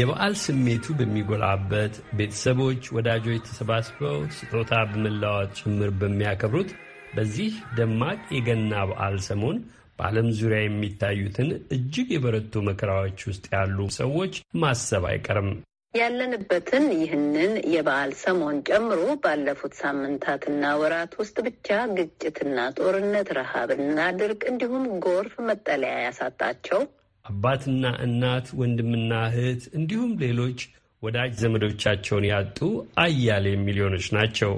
የበዓል ስሜቱ በሚጎላበት ቤተሰቦች፣ ወዳጆች ተሰባስበው ስጦታ በመለዋወጥ ጭምር በሚያከብሩት በዚህ ደማቅ የገና በዓል ሰሞን በዓለም ዙሪያ የሚታዩትን እጅግ የበረቱ መከራዎች ውስጥ ያሉ ሰዎች ማሰብ አይቀርም። ያለንበትን ይህንን የበዓል ሰሞን ጨምሮ ባለፉት ሳምንታትና ወራት ውስጥ ብቻ ግጭትና ጦርነት፣ ረሃብና ድርቅ እንዲሁም ጎርፍ መጠለያ ያሳጣቸው አባትና እናት፣ ወንድምና እህት እንዲሁም ሌሎች ወዳጅ ዘመዶቻቸውን ያጡ አያሌ ሚሊዮኖች ናቸው።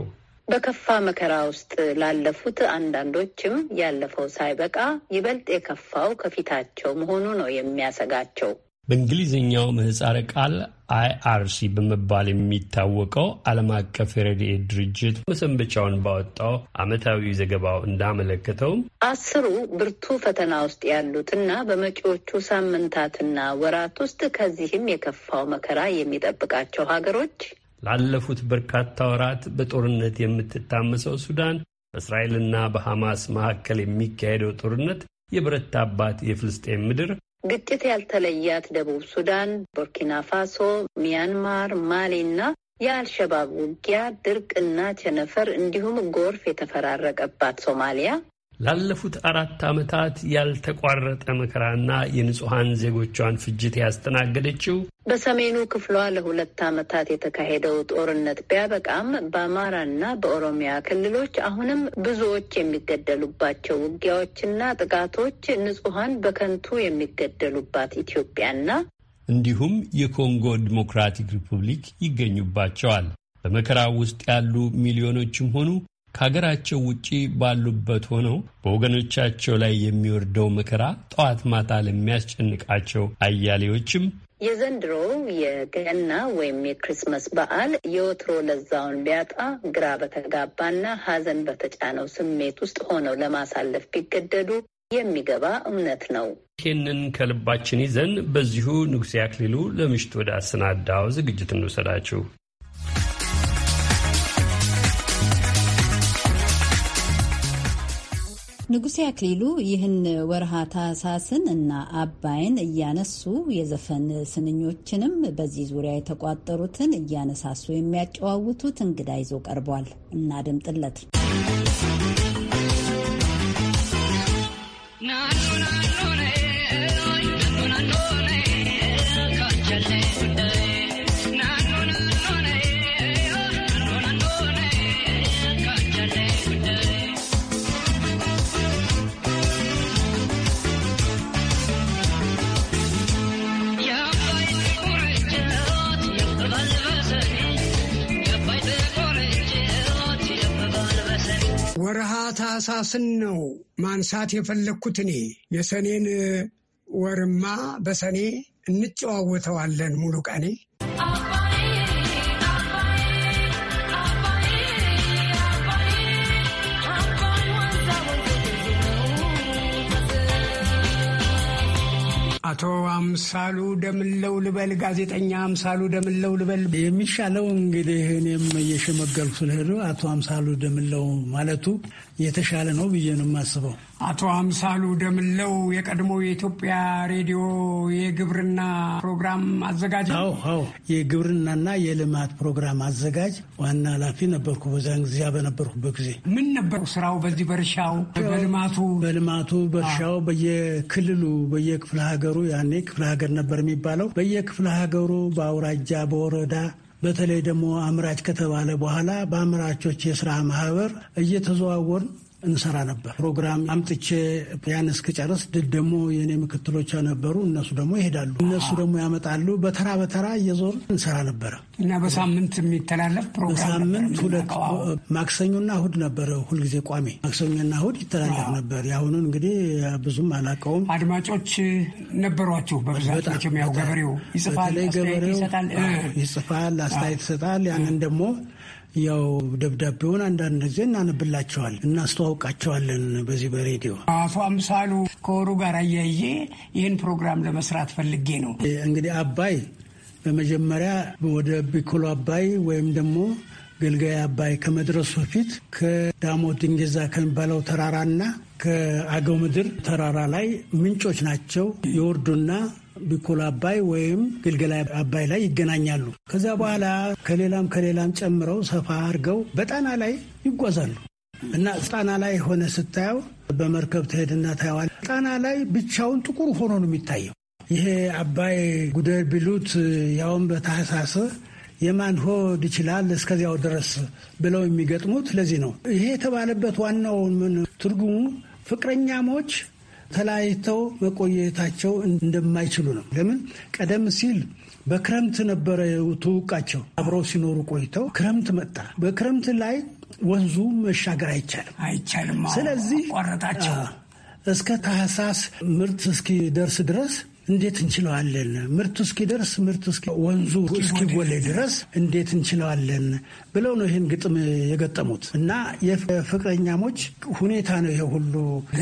በከፋ መከራ ውስጥ ላለፉት አንዳንዶችም ያለፈው ሳይበቃ ይበልጥ የከፋው ከፊታቸው መሆኑ ነው የሚያሰጋቸው። በእንግሊዝኛው ምህፃረ ቃል አይአርሲ በመባል የሚታወቀው ዓለም አቀፍ የረድኤት ድርጅት መሰንበቻውን ባወጣው ዓመታዊ ዘገባው እንዳመለከተውም አስሩ ብርቱ ፈተና ውስጥ ያሉትና በመጪዎቹ ሳምንታትና ወራት ውስጥ ከዚህም የከፋው መከራ የሚጠብቃቸው ሀገሮች ላለፉት በርካታ ወራት በጦርነት የምትታመሰው ሱዳን፣ በእስራኤልና በሐማስ መካከል የሚካሄደው ጦርነት የበረታባት የፍልስጤን ምድር ግጭት ያልተለያት ደቡብ ሱዳን፣ ቡርኪና ፋሶ፣ ሚያንማር፣ ማሊ እና የአልሸባብ ውጊያ፣ ድርቅና ቸነፈር እንዲሁም ጎርፍ የተፈራረቀባት ሶማሊያ ላለፉት አራት ዓመታት ያልተቋረጠ መከራና የንጹሐን ዜጎቿን ፍጅት ያስተናገደችው በሰሜኑ ክፍሏ ለሁለት ዓመታት የተካሄደው ጦርነት ቢያበቃም በአማራና በኦሮሚያ ክልሎች አሁንም ብዙዎች የሚገደሉባቸው ውጊያዎችና ጥቃቶች፣ ንጹሐን በከንቱ የሚገደሉባት ኢትዮጵያና እንዲሁም የኮንጎ ዲሞክራቲክ ሪፑብሊክ ይገኙባቸዋል። በመከራው ውስጥ ያሉ ሚሊዮኖችም ሆኑ ከሀገራቸው ውጪ ባሉበት ሆነው በወገኖቻቸው ላይ የሚወርደው መከራ ጠዋት ማታ ለሚያስጨንቃቸው አያሌዎችም የዘንድሮ የገና ወይም የክሪስመስ በዓል የወትሮ ለዛውን ቢያጣ ግራ በተጋባና ሐዘን በተጫነው ስሜት ውስጥ ሆነው ለማሳለፍ ቢገደዱ የሚገባ እምነት ነው። ይህንን ከልባችን ይዘን በዚሁ ንጉሴ አክሊሉ ለምሽት ወደ አሰናዳው ዝግጅት እንውሰዳችሁ። ንጉሴ አክሊሉ ይህን ወርሃ ታህሳስን እና አባይን እያነሱ የዘፈን ስንኞችንም በዚህ ዙሪያ የተቋጠሩትን እያነሳሱ የሚያጨዋውቱት እንግዳ ይዞ ቀርቧል። እናድምጥለት። ወርሃ ታህሳስን ነው ማንሳት የፈለግኩት እኔ የሰኔን ወርማ በሰኔ እንጨዋወተዋለን ሙሉ ቀኔ አቶ አምሳሉ ደምለው ልበል፣ ጋዜጠኛ አምሳሉ ደምለው ልበል የሚሻለው እንግዲህ እኔም እየሸመገልኩ ስለሄዱ አቶ አምሳሉ ደምለው ማለቱ የተሻለ ነው ብዬ ነው የማስበው። አቶ አምሳሉ ደምለው የቀድሞ የኢትዮጵያ ሬዲዮ የግብርና ፕሮግራም አዘጋጅ፣ አዎ የግብርናና የልማት ፕሮግራም አዘጋጅ ዋና ኃላፊ ነበርኩ በዛን ጊዜ በነበርኩበት ጊዜ። ምን ነበሩ ስራው በዚህ በእርሻው በልማቱ በልማቱ በእርሻው በየክልሉ በየክፍለ ሀገሩ ሀገሩ ያኔ ክፍለ ሀገር ነበር የሚባለው። በየክፍለ ሀገሩ በአውራጃ፣ በወረዳ በተለይ ደግሞ አምራች ከተባለ በኋላ በአምራቾች የስራ ማህበር እየተዘዋወር እንሰራ ነበር። ፕሮግራም አምጥቼ ያን እስክጨርስ ድል ደግሞ የእኔ ምክትሎች ነበሩ። እነሱ ደግሞ ይሄዳሉ፣ እነሱ ደግሞ ያመጣሉ። በተራ በተራ እየዞር እንሰራ ነበረ እና በሳምንት የሚተላለፍ ፕሮግራም በሳምንት ሁለት ማክሰኞና እሁድ ነበረ። ሁልጊዜ ቋሚ ማክሰኞና እሁድ ይተላለፍ ነበር። የአሁኑን እንግዲህ ብዙም አላውቀውም። አድማጮች ነበሯችሁ በብዛት ገበሬው ይጽፋል፣ ይጽፋል፣ አስተያየት ይሰጣል። ያንን ደግሞ ያው ደብዳቤውን አንዳንድ ጊዜ እናነብላቸዋል፣ እናስተዋውቃቸዋለን በዚህ በሬዲዮ። አቶ አምሳሉ ከወሩ ጋር አያይዤ ይህን ፕሮግራም ለመስራት ፈልጌ ነው። እንግዲህ አባይ በመጀመሪያ ወደ ቢኮሎ አባይ ወይም ደግሞ ገልጋይ አባይ ከመድረሱ በፊት ከዳሞት ድንጌዛ ከሚባለው ተራራና ከአገው ምድር ተራራ ላይ ምንጮች ናቸው ይወርዱና ቢኮላ አባይ ወይም ግልገላ አባይ ላይ ይገናኛሉ። ከዛ በኋላ ከሌላም ከሌላም ጨምረው ሰፋ አድርገው በጣና ላይ ይጓዛሉ እና ጣና ላይ ሆነ ስታየው በመርከብ ትሄድና ታየዋል። ጣና ላይ ብቻውን ጥቁር ሆኖ ነው የሚታየው። ይሄ አባይ ጉደር ቢሉት ያውም በታህሳስ የማን ሆድ ይችላል እስከዚያው ድረስ ብለው የሚገጥሙት ለዚህ ነው። ይሄ የተባለበት ዋናው ምን ትርጉሙ ፍቅረኛሞች ተለያይተው መቆየታቸው እንደማይችሉ ነው። ለምን ቀደም ሲል በክረምት ነበረ ትውቃቸው አብረው ሲኖሩ ቆይተው ክረምት መጣ። በክረምት ላይ ወንዙ መሻገር አይቻልም አይቻልም። ስለዚህ ቆረጣቸው እስከ ታህሳስ ምርት እስኪደርስ ድረስ እንዴት እንችለዋለን? ምርቱ እስኪደርስ ምርቱ ወንዙ እስኪጎለ ድረስ እንዴት እንችለዋለን ብለው ነው ይህን ግጥም የገጠሙት እና የፍቅረኛሞች ሁኔታ ነው ይሄ ሁሉ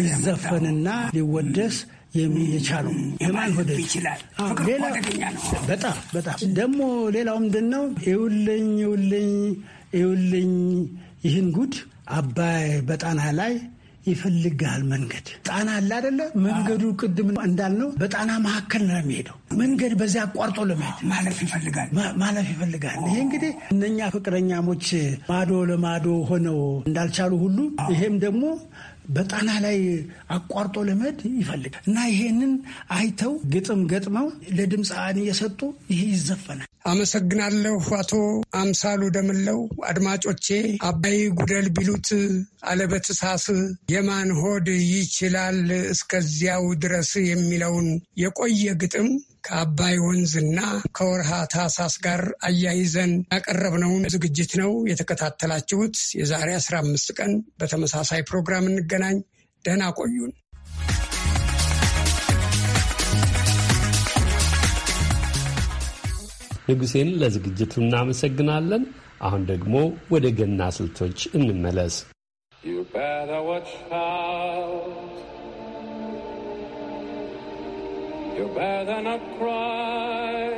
ሊዘፈንና ሊወደስ የሚቻሉ የማን ሆደ በጣም በጣም ደግሞ ሌላው ምንድን ነው ይውልኝ ይውልኝ ይውልኝ ይህን ጉድ አባይ በጣና ላይ ይፈልግሃል መንገድ ጣና አለ አደለ? መንገዱ ቅድም እንዳልነው በጣና መካከል ነው የሚሄደው መንገድ በዚያ አቋርጦ ለመሄድ ማለፍ ይፈልጋል ማለፍ ይፈልጋል። ይሄ እንግዲህ እነኛ ፍቅረኛሞች ማዶ ለማዶ ሆነው እንዳልቻሉ ሁሉ ይሄም ደግሞ በጣና ላይ አቋርጦ ለመሄድ ይፈልግ እና ይሄንን አይተው ግጥም ገጥመው ለድምፃን እየሰጡ ይሄ ይዘፈናል። አመሰግናለሁ። አቶ አምሳሉ ደምለው። አድማጮቼ አባይ ጉደል ቢሉት አለበትሳስ የማን ሆድ ይችላል እስከዚያው ድረስ የሚለውን የቆየ ግጥም ከአባይ ወንዝና ከወርሃ ታህሳስ ጋር አያይዘን ያቀረብነውን ዝግጅት ነው የተከታተላችሁት። የዛሬ 15 ቀን በተመሳሳይ ፕሮግራም እንገናኝ። ደህና ቆዩን። ንጉሴን ለዝግጅቱ እናመሰግናለን። አሁን ደግሞ ወደ ገና ስልቶች እንመለስ። You better not cry.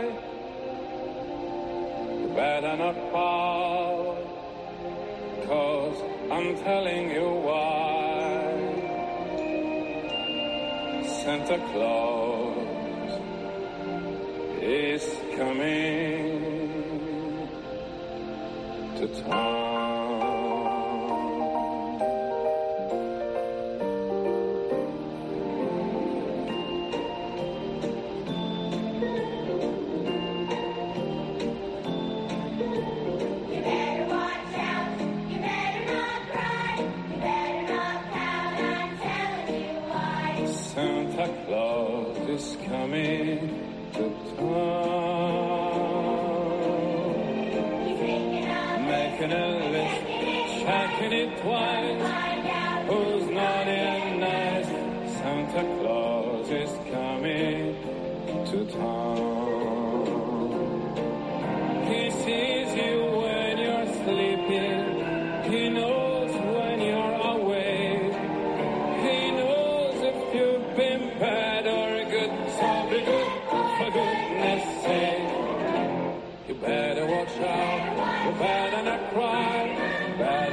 You better not pout. Cause I'm telling you why. Santa Claus is coming to town. wise who's not in nice. Santa Claus is coming to town. He sees you when you're sleeping. He knows when you're awake. He knows if you've been bad or good. So be good for goodness sake. You better watch out. You better not cry. You better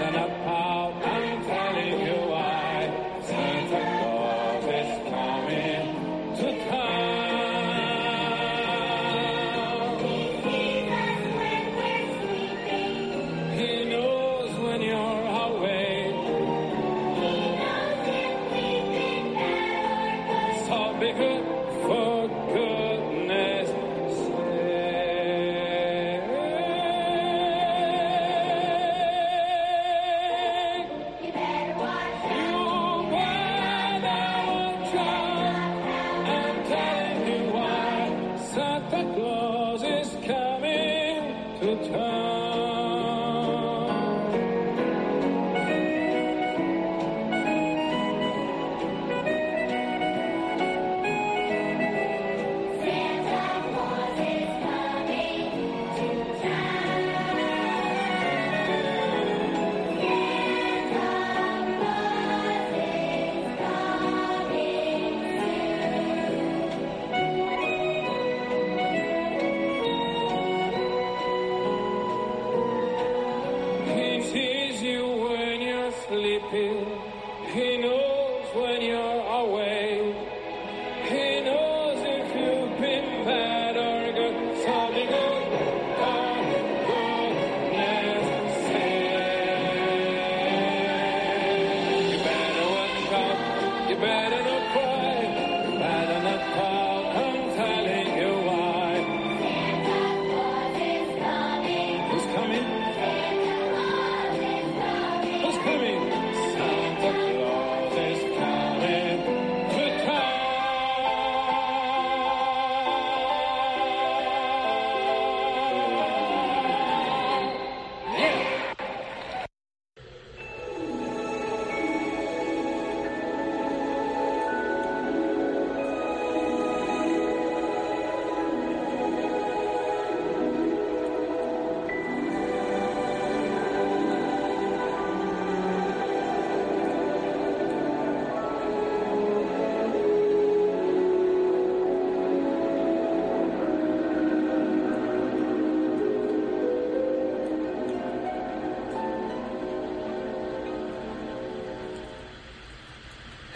Santa Claus is coming to town.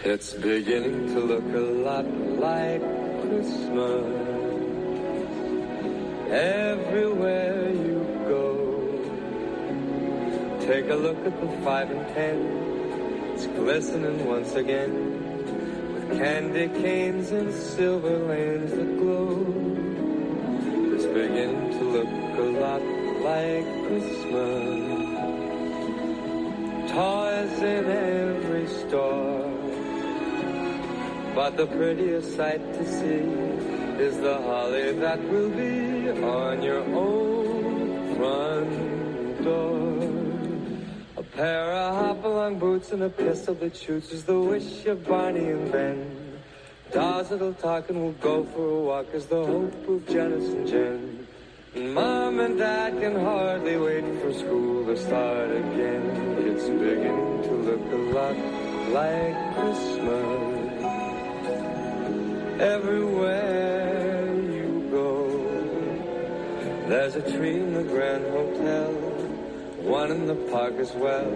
It's beginning to look a lot like Christmas. Everywhere you go, take a look at the five and ten. It's glistening once again with candy canes and silver lanes that glow. It's beginning to look a lot like Christmas. Toys in every store but the prettiest sight to see is the holly that will be on your own front door. A pair of hop-along boots and a pistol that shoots is the wish of Barney and Ben. Dolls that'll talk and we will go for a walk is the hope of Janice and Jen. And Mom and Dad can hardly wait for school to start again. It's beginning to look a lot like Christmas. Everywhere you go, there's a tree in the Grand Hotel, one in the park as well.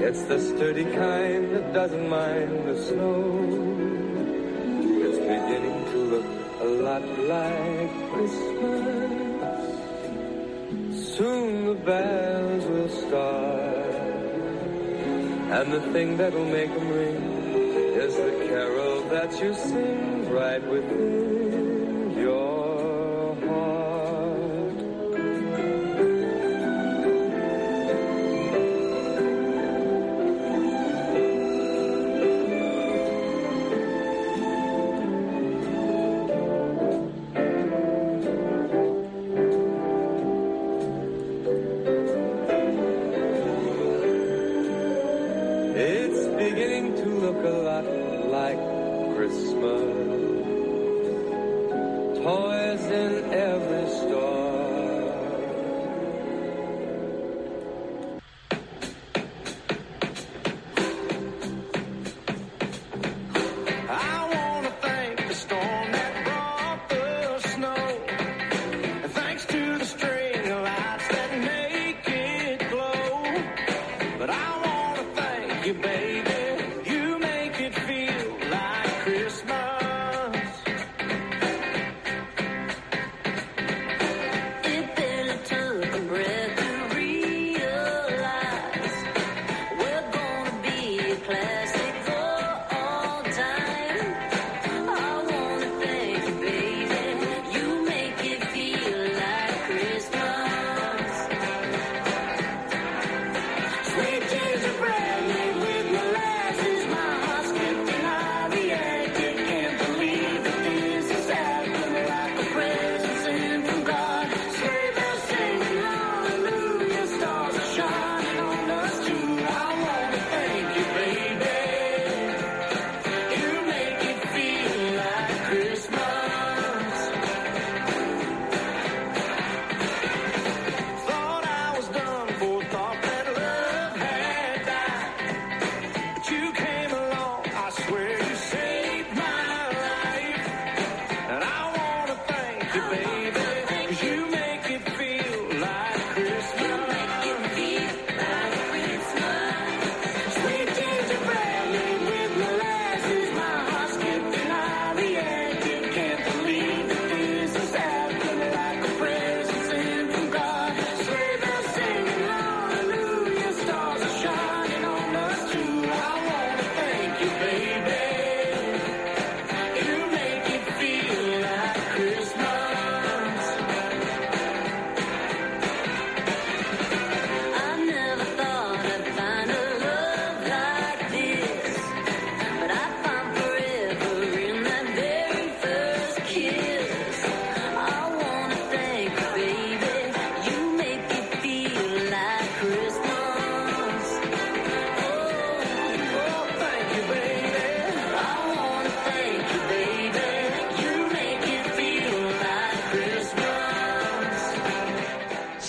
It's the sturdy kind that doesn't mind the snow. It's beginning to look a lot like Christmas. Soon the bells will start, and the thing that'll make them ring is the carol that you sing right with me.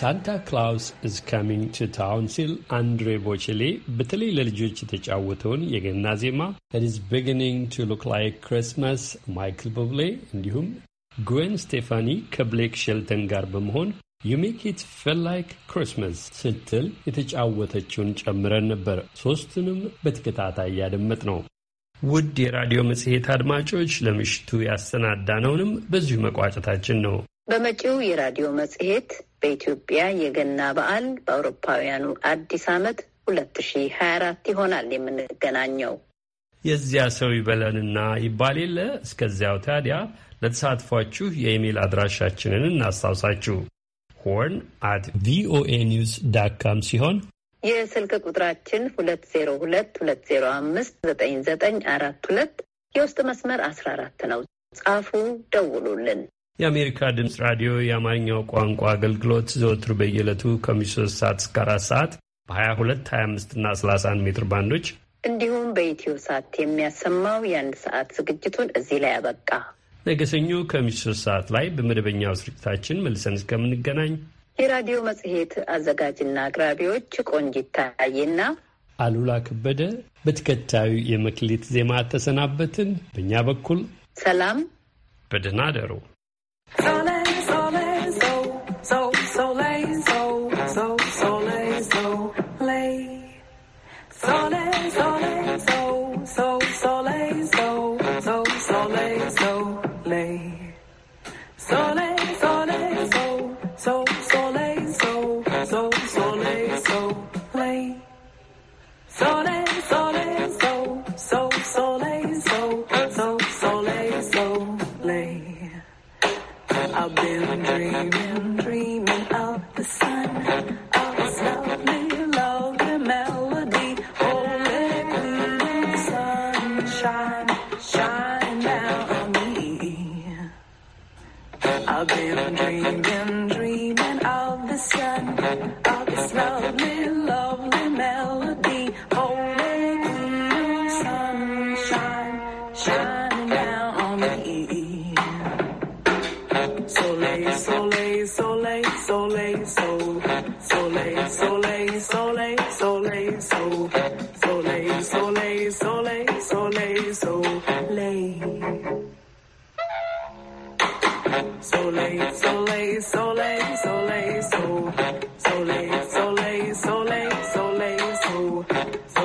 ሳንታ ክላውስ ኢዝ ካሚንግ ቱ ታውን ሲል አንድሬ ቦቼሌ በተለይ ለልጆች የተጫወተውን የገና ዜማ ኢትስ ቢግኒንግ ቱ ሉክ ላይክ ክሪስማስ ማይክል ቦብሌ እንዲሁም ግዌን ስቴፋኒ ከብሌክ ሼልተን ጋር በመሆን ዩ ሜክ ኢት ፌል ላይክ ክሪስማስ ስትል የተጫወተችውን ጨምረን ነበር። ሦስቱንም በተከታታይ ያደመጥ ነው። ውድ የራዲዮ መጽሔት አድማጮች ለምሽቱ ያሰናዳነውንም በዚሁ መቋጨታችን ነው። በመጪው የራዲዮ መጽሔት በኢትዮጵያ የገና በዓል በአውሮፓውያኑ አዲስ ዓመት 2024 ይሆናል የምንገናኘው። የዚያ ሰው ይበለንና ይባል የለ። እስከዚያው ታዲያ ለተሳትፏችሁ የኢሜይል አድራሻችንን እናስታውሳችሁ። ሆርን አት ቪኦኤ ኒውስ ዳካም ሲሆን የስልክ ቁጥራችን 2022059942 የውስጥ መስመር 14 ነው። ጻፉ፣ ደውሉልን። የአሜሪካ ድምፅ ራዲዮ የአማርኛው ቋንቋ አገልግሎት ዘወትር በየዕለቱ ከምሽቱ 3 ሰዓት እስከ 4 ሰዓት በ22፣ 25 እና 31 ሜትር ባንዶች እንዲሁም በኢትዮ ሳት የሚያሰማው የአንድ ሰዓት ዝግጅቱን እዚህ ላይ አበቃ። ነገ ሰኞ ከምሽቱ 3 ሰዓት ላይ በመደበኛው ስርጭታችን መልሰን እስከምንገናኝ የራዲዮ መጽሔት አዘጋጅና አቅራቢዎች ቆንጂት ታዬና አሉላ ከበደ በተከታዩ የመክሊት ዜማ ተሰናበትን። በእኛ በኩል ሰላም፣ በደህና አደሩ። All